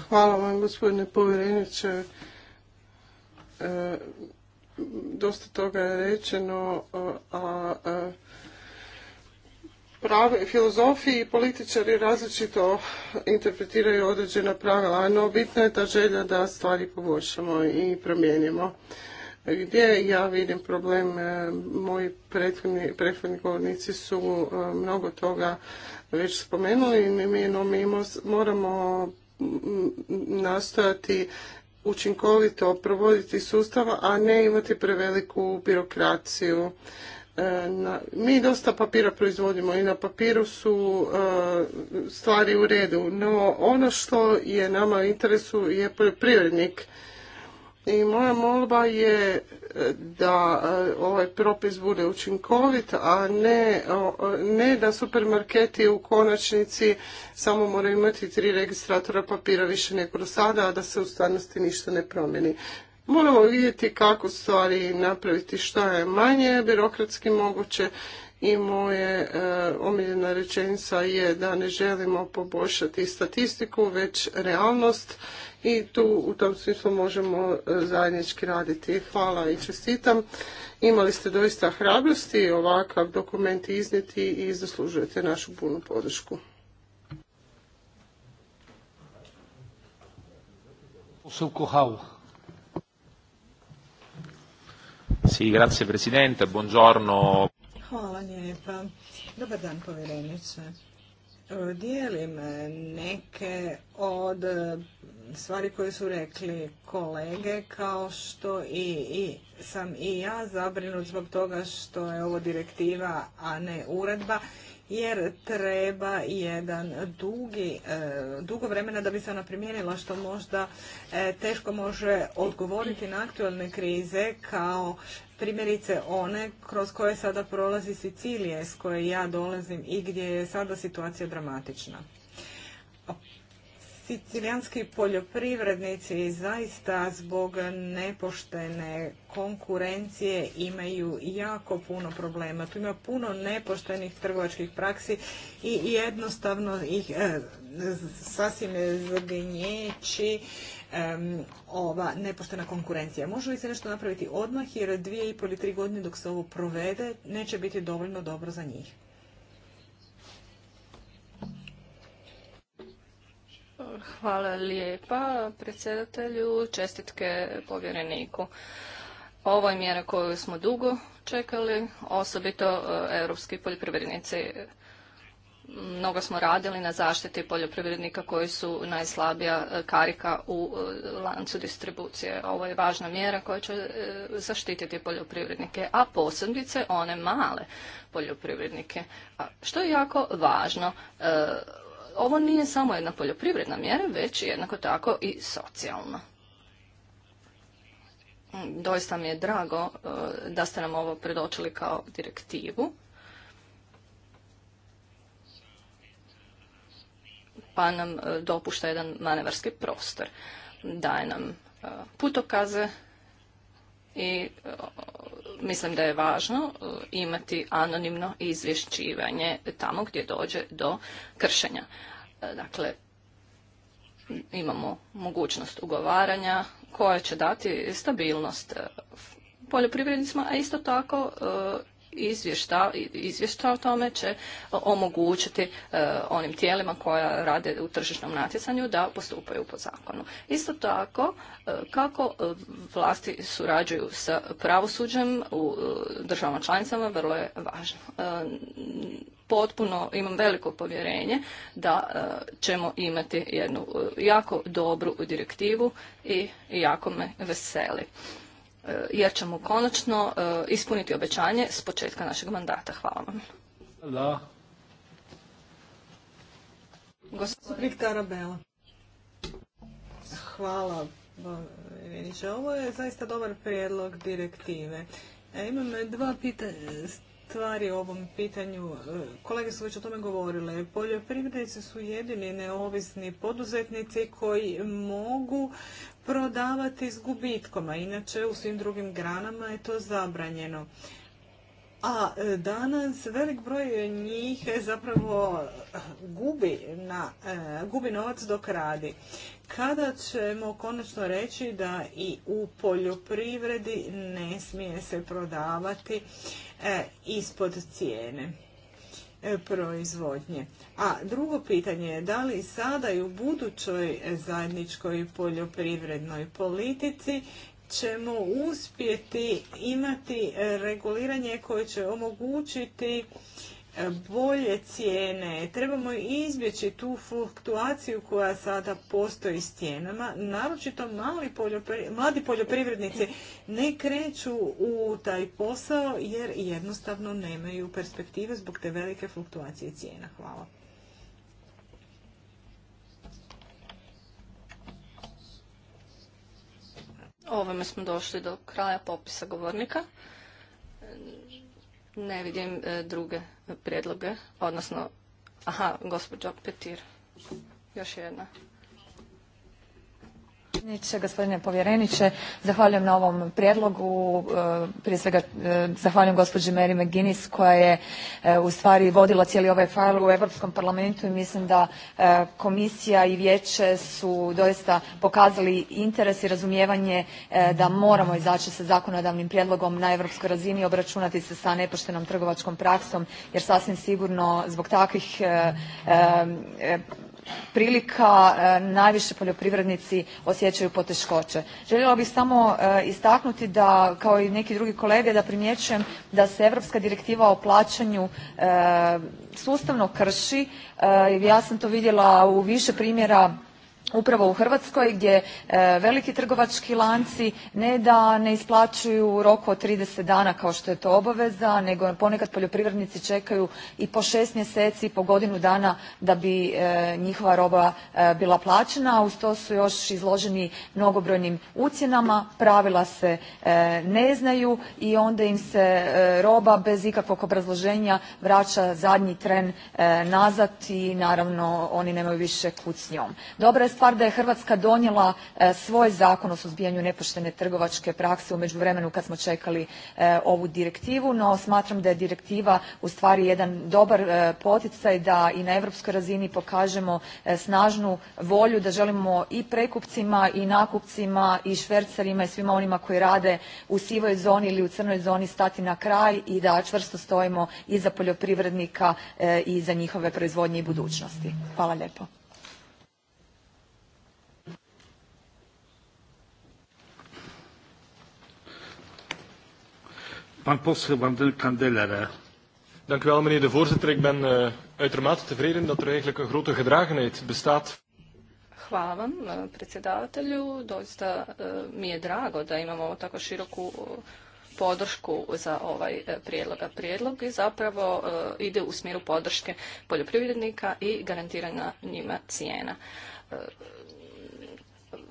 A: Hvala vam, gospodine povjereniče. E, dosta toga je rečeno, a, e, a filozofi i političari različito interpretiraju određena pravila, no bitna je ta želja da stvari poboljšamo i promijenimo. Gdje ja vidim problem, e, moji prethodni govornici su mnogo toga pa već spomenuli, mi, no mi moramo nastojati učinkovito provoditi sustava, a ne imati preveliku birokraciju. E, na, mi dosta papira proizvodimo i na papiru su e, stvari u redu, no ono što je nama u interesu je poljoprivrednik. I moja molba je da e, ovaj propis bude učinkovit, a ne, ne da supermarketi u konačnici samo moraju imati tri registratora papira više nego do sada, a da se u stvarnosti ništa ne promjeni. Moramo vidjeti kako stvari napraviti što je manje birokratski moguće i moje e, omiljena rečenica je da ne želimo poboljšati statistiku, već realnost i tu u tom smislu možemo e, zajednički raditi. Hvala i čestitam. Imali ste doista hrabrosti ovakav dokument iznijeti i zaslužujete našu punu podršku.
D: Sì, grazie
B: Hvala lijepa. Dobar dan povjerenice dijelim neke od e, stvari koje su rekli kolege, kao što i, sam i ja zabrinut zbog toga što je ovo direktiva, a ne uredba, jer treba jedan dugi, e, dugo vremena da bi se ona primijenila, što možda e, teško može odgovoriti na aktualne krize kao primjerice one kroz koje sada prolazi Sicilije s koje ja dolazim i gdje je sada situacija dramatična. Sicilijanski poljoprivrednici zaista zbog nepoštene konkurencije imaju jako puno problema. Tu ima puno nepoštenih trgovačkih praksi i jednostavno ih e, sasvim zgnječi ova nepoštena konkurencija. Može li se nešto napraviti odmah jer dvije i pol tri godine dok se ovo provede neće biti dovoljno dobro za njih? Hvala
C: lijepa predsjedatelju, čestitke povjereniku. Ovo je mjera koju smo dugo čekali, osobito europski poljoprivrednici mnogo smo radili na zaštiti poljoprivrednika koji su najslabija e, karika u e, lancu distribucije. Ovo je važna mjera koja će e, zaštititi poljoprivrednike, a posebice one male poljoprivrednike. Što je jako važno, ovo nije samo jedna poljoprivredna mjera, već jednako tako i socijalna. Doista mi je drago da ste nam ovo predočili kao direktivu pa nam e, dopušta jedan manevarski prostor. Daje nam e, putokaze i e, mislim da je važno imati anonimno izvješćivanje tamo gdje dođe do kršenja. Dakle, imamo mogućnost ugovaranja koja će dati stabilnost poljoprivrednicima, a isto tako izvješta, o tome će omogućiti e, onim tijelima koja rade u tržišnom natjecanju da postupaju po zakonu. Isto tako, e, kako e, vlasti surađuju sa pravosuđem u državama članicama vrlo je važno. potpuno imam veliko povjerenje da ćemo imati jednu jako dobru direktivu i jako me veseli. Eh, jer ćemo konačno eh, ispuniti obećanje s početka našeg mandata. Hvala vam.
B: Hvala. Ovo je zaista dobar prijedlog direktive. E, imam dva pitanja stvari o ovom pitanju. E, kolege su već o tome govorile. Poljoprivrednici su jedini neovisni poduzetnici koji mogu prodavati s gubitkom, a inače u svim drugim granama je to zabranjeno. A e, danas velik broj njih zapravo gubi, na, e, gubi novac dok radi kada ćemo konačno reći da i u poljoprivredi ne smije se prodavati e, ispod cijene e, proizvodnje. A drugo pitanje je da li sada i u budućoj zajedničkoj poljoprivrednoj politici ćemo uspjeti imati reguliranje koje će omogućiti bolje cijene. Trebamo izbjeći tu fluktuaciju koja sada postoji s cijenama. Naročito mladi poljoprivrednici ne kreću u taj posao jer jednostavno nemaju perspektive zbog te velike fluktuacije cijena. Hvala.
C: Ovime smo došli do kraja popisa govornika. Ne vidim e, druge prijedloge, odnosno, aha, gospođo Petir, još jedna.
D: Gospodine povjereniče, zahvaljujem na ovom prijedlogu. E, prije svega e, zahvaljujem gospođi Mary McGuinness koja je e, ustvari vodila cijeli ovaj fajl u Europskom parlamentu i mislim da komisija i vijeće su doista pokazali interes i razumijevanje da moramo izaći sa zakonodavnim prijedlogom na europskoj razini i obračunati se sa nepoštenom trgovačkom praksom jer sasvim sigurno zbog takvih prilika e, najviše poljoprivrednici osjećaju poteškoće. Željela bih samo e, istaknuti da kao i neki drugi kolege da primjećujem da se europska direktiva o plaćanju e, sustavno krši. Ja sam to vidjela u više primjera upravo u Hrvatskoj gdje e, veliki trgovački lanci ne da ne isplaćuju u roku od 30 dana kao što je to obaveza, nego ponekad poljoprivrednici čekaju i po šest mjeseci i po godinu dana da bi e, njihova roba e, bila plaćena, a uz to su još izloženi mnogobrojnim ucjenama, pravila se ne znaju i onda im se roba bez ikakvog obrazloženja vraća zadnji tren nazad i naravno oni nemaju više kud s njom. Dobra je stvar da je Hrvatska donijela e, svoj Zakon o suzbijanju nepoštene trgovačke prakse u međuvremenu kad smo čekali e, ovu direktivu, no smatram da je direktiva ustvari jedan dobar e, poticaj da i na europskoj razini pokažemo snažnu volju da želimo i prekupcima i nakupcima i švercerima i svima onima koji rade u sivoj zoni ili u crnoj zoni stati na kraj i da čvrsto stojimo iza poljoprivrednika i iza njihove proizvodnje i budućnosti. Hvala lijepo.
A: Pan poseł Van den Kandelere. Dank u wel, meneer de voorzitter. Ik ben uh, uitermate tevreden dat er eigenlijk een grote gedragenheid bestaat.
C: Hvala vam, eh, predsjedavatelju. Doista eh, mi je drago da imamo tako široku podršku za ovaj prijedlog. prijedlog i zapravo ide u smjeru podrške poljoprivrednika i garantiranja njima cijena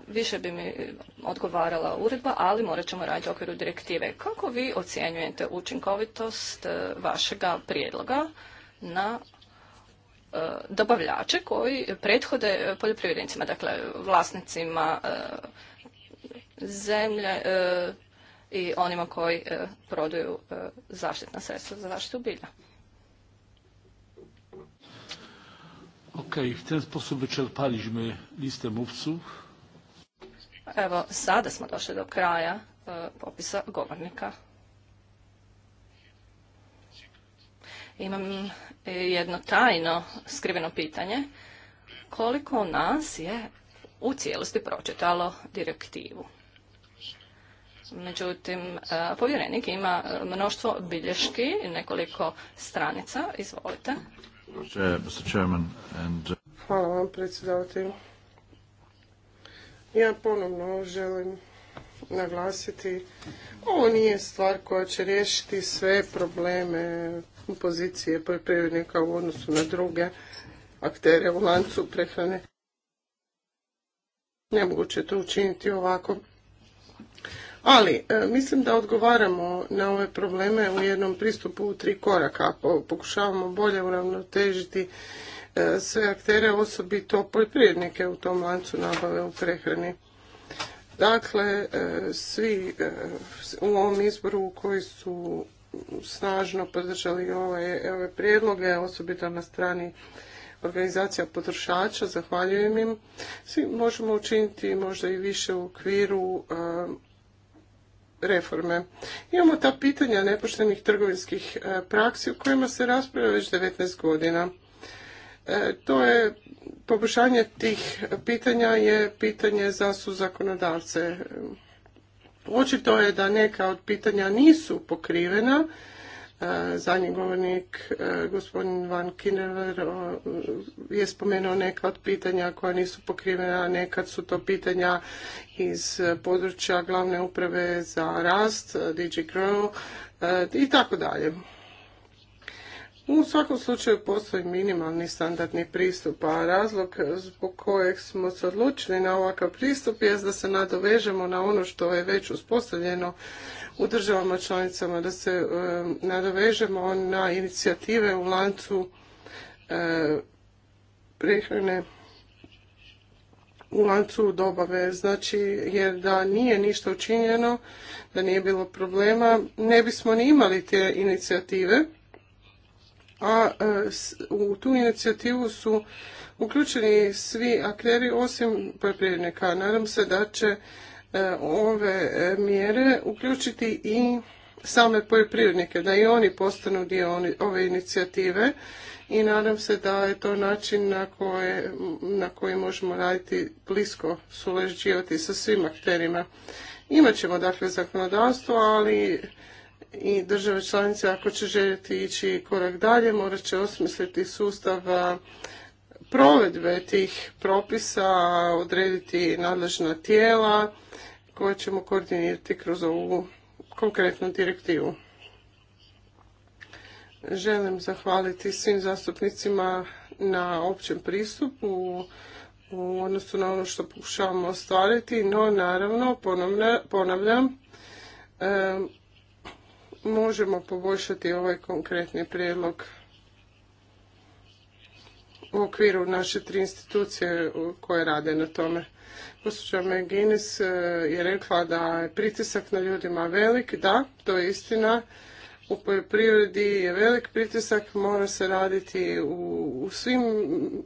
C: više bi mi odgovarala uredba, ali morat ćemo raditi u okviru direktive. Kako vi ocjenjujete učinkovitost e, vašega prijedloga na e, dobavljače koji prethode poljoprivrednicima, dakle vlasnicima e, zemlje i onima koji prodaju zaštitna sredstva za zaštitu bilja.
B: Ok, w ten sposób wyczerpaliśmy listę mówców.
C: Evo, sada smo došli do kraja e, popisa govornika. Imam jedno tajno skriveno pitanje. Koliko nas je u cijelosti pročitalo direktivu? Međutim, e, povjerenik ima mnoštvo bilješki, nekoliko stranica. Izvolite. Uh,
A: Hvala vam, ja ponovno želim naglasiti, ovo nije stvar koja će riješiti sve probleme pozicije poljoprivrednika u odnosu na druge aktere u lancu prehrane. Nemoguće to učiniti ovako. Ali e, mislim da odgovaramo na ove probleme u jednom pristupu u tri koraka. Pokušavamo bolje uravnotežiti E, sve aktere, osobito poljoprivrednike u tom lancu nabave u prehrani. Dakle, e, svi e, u ovom izboru koji su snažno podržali ove, ovaj, ove prijedloge, osobito na strani organizacija potrošača, zahvaljujem im. Svi možemo učiniti možda i više u okviru reforme. Imamo ta pitanja nepoštenih trgovinskih praksi u kojima se raspravlja već 19 godina. E, to je poboljšanje tih pitanja je pitanje za su zakonodavce. Očito je da neka od pitanja nisu pokrivena. E, zadnji govornik, e, gospodin Van Kinever, je spomenuo neka od pitanja koja nisu pokrivena, nekad su to pitanja iz područja glavne uprave za rast, DG i tako dalje. U svakom slučaju postoji minimalni standardni pristup, a razlog zbog kojeg smo se odlučili na ovakav pristup je da se nadovežemo na ono što je već uspostavljeno u državama članicama, da se e, nadovežemo na inicijative u lancu e, prehrane u lancu dobave, znači jer da nije ništa učinjeno, da nije bilo problema, ne bismo ni imali te inicijative a e, u tu inicijativu su uključeni svi akteri osim poljoprivrednika. Nadam se da će e, ove mjere uključiti i same poljoprivrednike, da i oni postanu dio ove inicijative i nadam se da je to način na, koje, na koji možemo raditi blisko, suležđivati sa svim akterima. Imaćemo dakle zakonodavstvo, ali i države članice ako će željeti ići korak dalje morat će osmisliti sustav provedbe tih propisa, odrediti nadležna tijela koje ćemo koordinirati kroz ovu konkretnu direktivu. Želim zahvaliti svim zastupnicima na općem pristupu u odnosu na ono što pokušavamo ostvariti, no naravno ponavljam, ponavljam možemo poboljšati ovaj konkretni prijedlog u okviru naše tri institucije koje rade na tome. Gospođa McGuinness e, je rekla da je pritisak na ljudima velik. Da, to je istina. U poljoprivredi je velik pritisak, mora se raditi u, u svim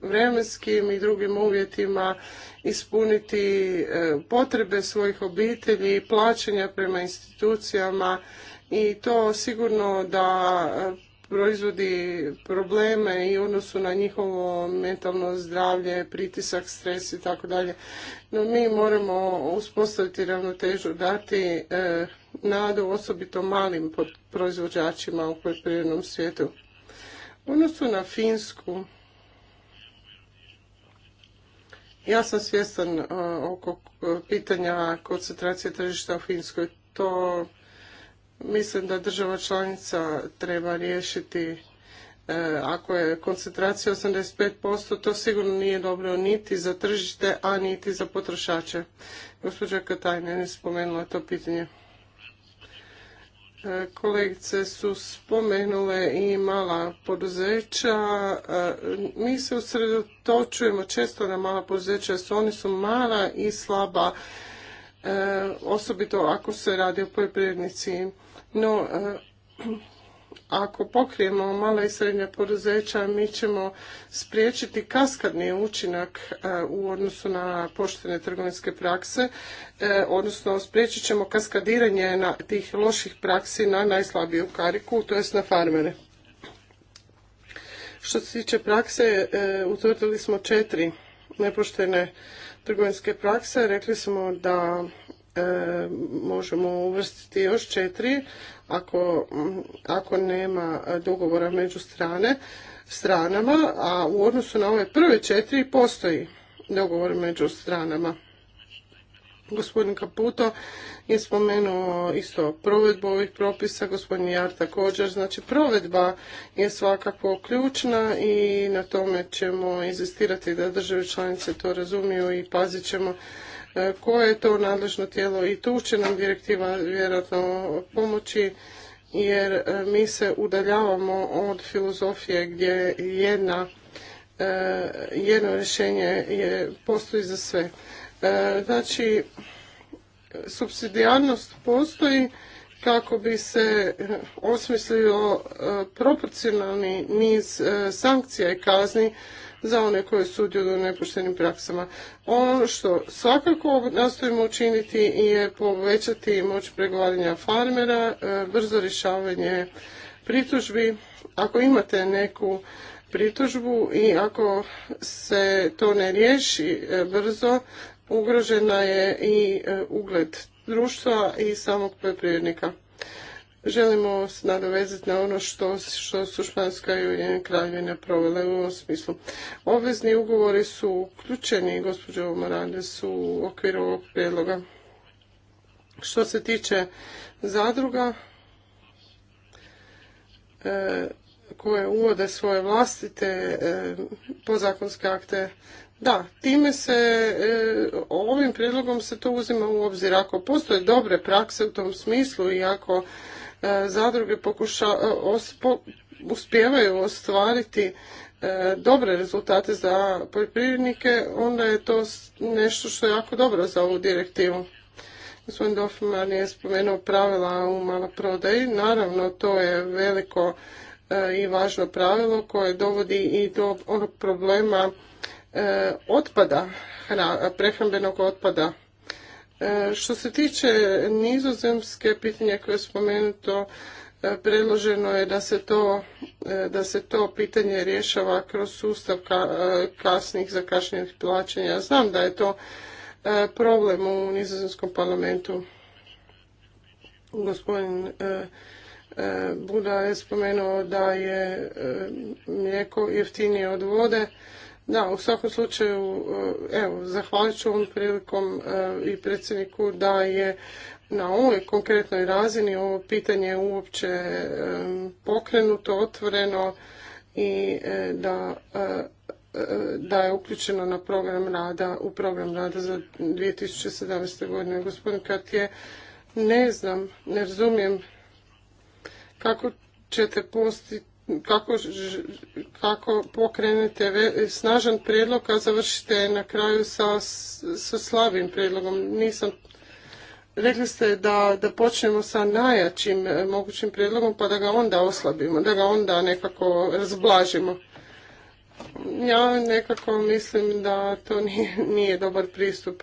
A: vremenskim i drugim uvjetima, ispuniti e, potrebe svojih obitelji, plaćanja prema institucijama, i to sigurno da e, proizvodi probleme i odnosu na njihovo mentalno zdravlje, pritisak, stres i tako dalje. No mi moramo uspostaviti ravnotežu, dati e, nadu osobito malim proizvođačima u poljoprivrednom svijetu. U odnosu na Finsku, ja sam svjestan e, oko pitanja koncentracije tržišta u Finskoj. To mislim da država članica treba riješiti e, ako je koncentracija 85%, to sigurno nije dobro niti za tržište, a niti za potrošače. Gospođa Katajna je spomenula to pitanje. E, kolegice su spomenule i mala poduzeća. E, mi se usredotočujemo često na mala poduzeća, su oni su mala i slaba, osobito ako se radi o poljoprivrednicima no, eh, ako pokrijemo mala i srednja poduzeća, mi ćemo spriječiti kaskadni učinak eh, u odnosu na poštene trgovinske prakse, eh, odnosno spriječit ćemo kaskadiranje na tih loših praksi na najslabiju kariku, to jest na farmere. Što se tiče prakse, utvrdili smo četiri nepoštene trgovinske prakse. Rekli smo da E, možemo uvrstiti još četiri ako, ako nema dogovora među strane, stranama, a u odnosu na ove prve četiri postoji dogovor među stranama. Gospodin Kaputo je spomenuo isto provedbu ovih propisa, gospodin Jar također. Znači provedba je svakako ključna i na tome ćemo inzistirati da države članice to razumiju i pazit ćemo E, koje je to nadležno tijelo i tu će nam direktiva vjerojatno pomoći jer e, mi se udaljavamo od filozofije gdje jedna, e, jedno rješenje je, postoji za sve. Znači, subsidijarnost postoji kako bi se osmislio proporcionalni niz sankcija i kazni za one koje sudjeluju u nepoštenim praksama. Ono što svakako nastojimo učiniti je povećati moć pregovaranja farmera, e, brzo rješavanje pritužbi. Ako imate neku pritužbu i ako se to ne riješi e, brzo, ugrožena je i e, ugled društva i samog poljoprivrednika želimo se nadovezati na ono što, što su Španska i Ujedinjena provele u ovom smislu. Obvezni ugovori su uključeni, gospođo su u okviru ovog prijedloga. Što se tiče zadruga, e, koje uvode svoje vlastite e, pozakonske akte. Da, time se, e, ovim prijedlogom se to uzima u obzir. Ako postoje dobre prakse u tom smislu i ako E, zadruge pokuša, e, uspijevaju ostvariti e, dobre rezultate za poljoprivrednike, onda je to nešto što je jako dobro za ovu direktivu. Gospodin Dofman je spomenuo pravila u maloprodaji. Naravno, to je veliko i važno pravilo koje dovodi i do onog problema otpada, prehrambenog otpada. E, što se tiče nizozemske pitanja koje je spomenuto, e, predloženo je da se to, e, da se to pitanje rješava kroz sustav kasnih zakašnjenih plaćanja. Znam da je to problem u nizozemskom parlamentu. Gospodin Buda je spomenuo da je mlijeko jeftinije od vode. Da, u svakom slučaju, e, evo, zahvalit ću ovom prilikom e, i predsjedniku da je na ovoj konkretnoj razini ovo pitanje uopće e, pokrenuto, otvoreno i da da je uključeno na program rada, u program rada za 2017. godine. Gospodin Katje, je, ne znam, ne razumijem kako ćete postiti kako, kako pokrenete snažan prijedlog, a završite na kraju sa, sa slabim prijedlogom. Nisam Rekli ste da, da počnemo sa najjačim e, mogućim prijedlogom pa da ga onda oslabimo, da ga onda nekako razblažimo. Ja nekako mislim da to nije, nije dobar pristup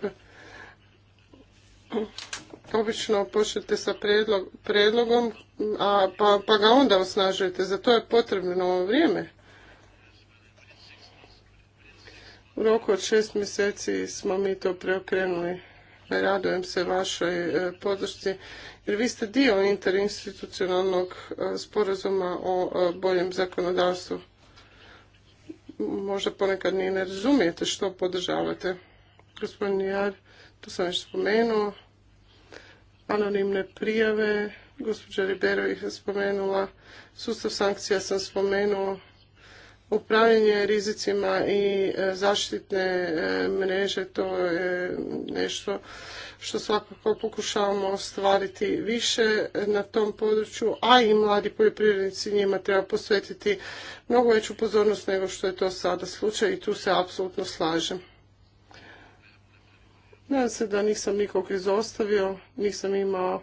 A: obično počnete sa predlogom, a, pa, pa, ga onda osnažujete. Za to je potrebno ovo vrijeme. U roku od šest mjeseci smo mi to preokrenuli. Radujem se vašoj e, podršci, jer vi ste dio interinstitucionalnog e, sporazuma o e, boljem zakonodavstvu. Možda ponekad ni ne razumijete što podržavate. Gospodin Jar, to sam već spomenuo anonimne prijave, gospođa Ribero ih je spomenula, sustav sankcija sam spomenuo, upravljanje rizicima i e, zaštitne e, mreže, to je nešto što svakako pokušavamo ostvariti više na tom području, a i mladi poljoprivrednici njima treba posvetiti mnogo veću pozornost nego što je to sada slučaj i tu se apsolutno slažem. Nadam se da nisam nikog izostavio, nisam imao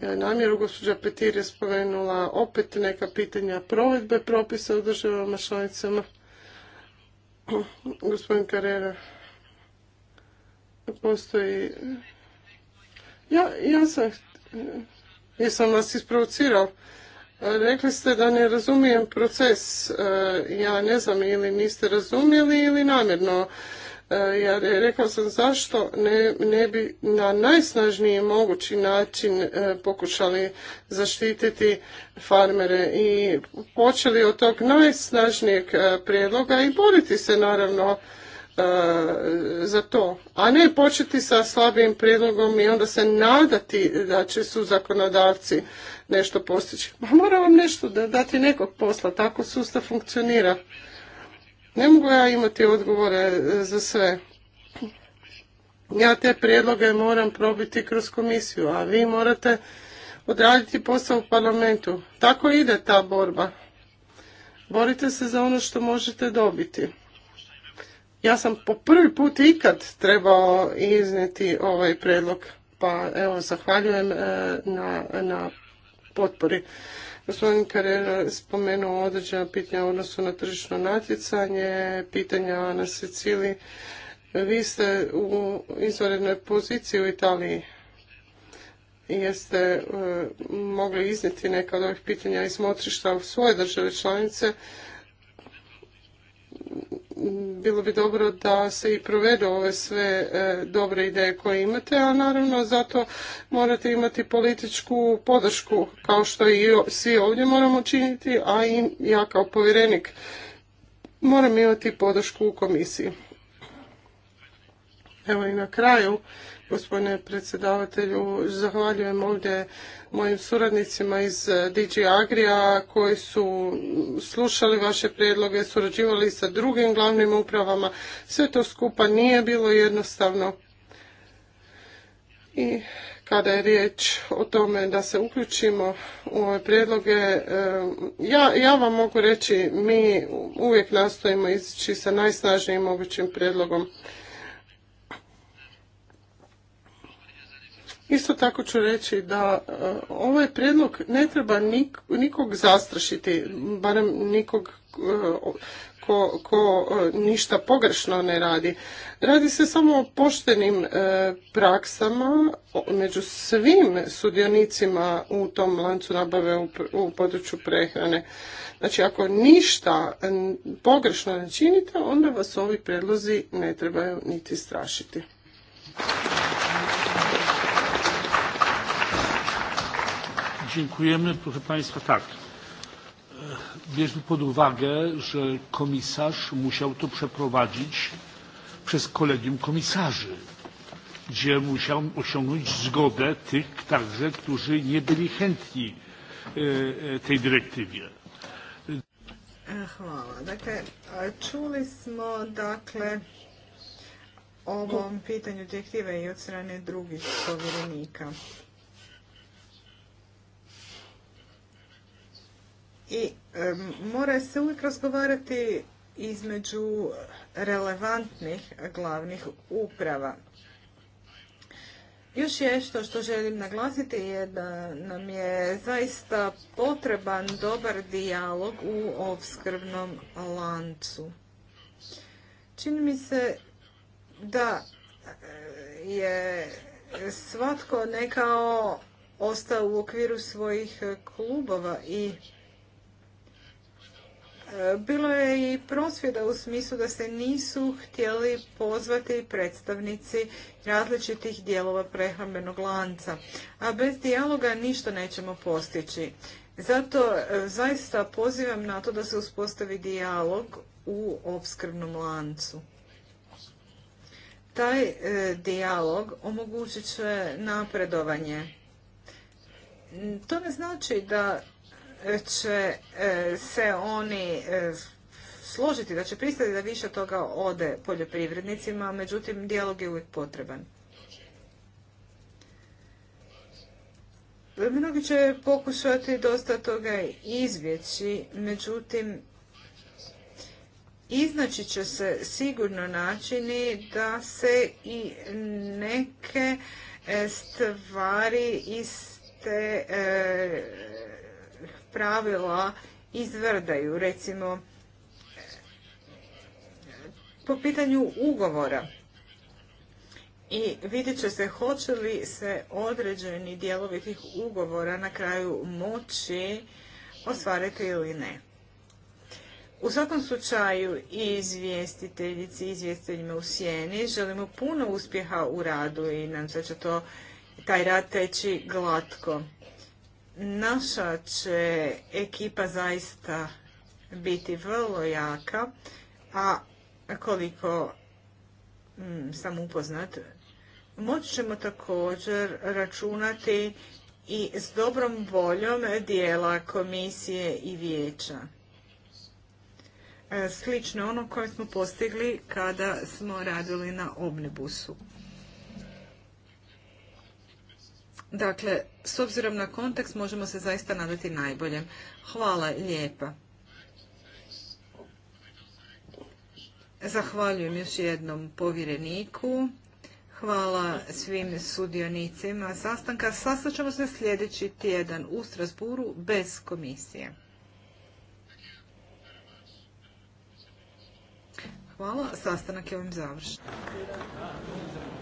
A: e, namjeru. Gospođa Petir je spomenula opet neka pitanja provedbe propisa u državama članicama. Gospodin Karera, Ja, ja sam... Jesam vas isprovocirao. Rekli ste da ne razumijem proces. E, ja ne znam ili niste razumjeli ili namjerno E, ja rekao sam zašto ne, ne bi na najsnažniji mogući način e, pokušali zaštititi farmere i počeli od tog najsnažnijeg e, prijedloga i boriti se naravno za to, a ne početi sa slabijim prijedlogom i onda se nadati da će su zakonodavci nešto postići. Ma pa mora vam nešto da dati nekog posla, tako sustav funkcionira. Ne mogu ja imati odgovore e, za sve. Ja te prijedloge moram probiti kroz komisiju, a vi morate odraditi posao u parlamentu. Tako ide ta borba. Borite se za ono što možete dobiti. Ja sam po prvi put ikad trebao izneti ovaj predlog. Pa evo, zahvaljujem e, na potpori. Gospodin Carrera spomenuo određena pitanja u odnosu na tržišno natjecanje, pitanja na Siciliji. Vi ste u izvanrednoj poziciji u Italiji. Jeste e, mogli izniti neka od ovih pitanja iz motrišta u svoje države članice, bilo bi dobro da se i provedu ove sve e, dobre ideje koje imate, a naravno zato morate imati političku podršku, kao što i svi ovdje moramo činiti, a i ja kao povjerenik moram imati podršku u komisiji. Evo i na kraju gospodine predsjedavatelju. Zahvaljujem ovdje mojim suradnicima iz eh, DG Agrija koji su slušali vaše prijedloge, surađivali sa drugim glavnim upravama. Sve to skupa nije bilo jednostavno. I kada je riječ o tome da se uključimo u ove prijedloge, eh, ja, ja vam mogu reći mi uvijek nastojimo izići sa najsnažnijim mogućim prijedlogom. Isto tako ću reći da e, ovaj prijedlog ne treba nikog zastrašiti, barem nikog e, ko, ko e, ništa pogrešno ne radi. Radi se samo o poštenim praksama među svim sudionicima u tom lancu nabave u području prehrane. Znači ako ništa pogrešno ne činite, onda vas ovi predlozi ne trebaju niti strašiti.
B: Dziękujemy. Proszę Państwa, tak. E, bierzmy pod uwagę, że komisarz musiał to przeprowadzić przez kolegium komisarzy, gdzie musiał osiągnąć zgodę tych także, którzy nie byli chętni
A: e, e, tej dyrektywie.
B: Hvala. Dakle, čuli smo dakle, o ovom pitanju direktive i od strane drugih povjerenika. I mora se uvijek razgovarati između relevantnih glavnih uprava. Još je što što želim naglasiti je da nam je zaista potreban dobar dijalog u opskrbnom lancu. Čini mi se da eh, je svatko nekao ostao u okviru svojih klubova i bilo je i prosvjeda u smislu da se nisu htjeli pozvati predstavnici različitih dijelova prehrambenog lanca, a bez dijaloga ništa nećemo postići. Zato e, zaista pozivam na to da se uspostavi dijalog u opskrbnom lancu. Taj e, dijalog omogućit će napredovanje. To ne znači da će e, se oni e, složiti, da će pristati da više toga ode poljoprivrednicima, međutim, dijalog je uvijek potreban. Mnogi će pokušati dosta toga izbjeći, međutim, iznaći će se sigurno načini da se i neke e, stvari iste te pravila izvrdaju, recimo po pitanju ugovora. I vidjet će se hoće li se određeni dijelovi tih ugovora na kraju moći ostvariti ili ne. U svakom slučaju i izvjestiteljici i izvjestiteljima u sjeni želimo puno uspjeha u radu i nam se će to taj rad teći glatko. Naša će ekipa zaista biti vrlo jaka, a koliko mm, sam upoznat, moći ćemo također računati i s dobrom voljom dijela komisije i vijeća. E, slično ono koje smo postigli kada smo radili na omnibusu. Dakle, s obzirom na kontekst možemo se zaista nadati najboljem. Hvala lijepa. Zahvaljujem još jednom povjereniku. Hvala svim sudionicima sastanka. ćemo se sljedeći tjedan u Strasburu bez komisije. Hvala, sastanak je ovim završen.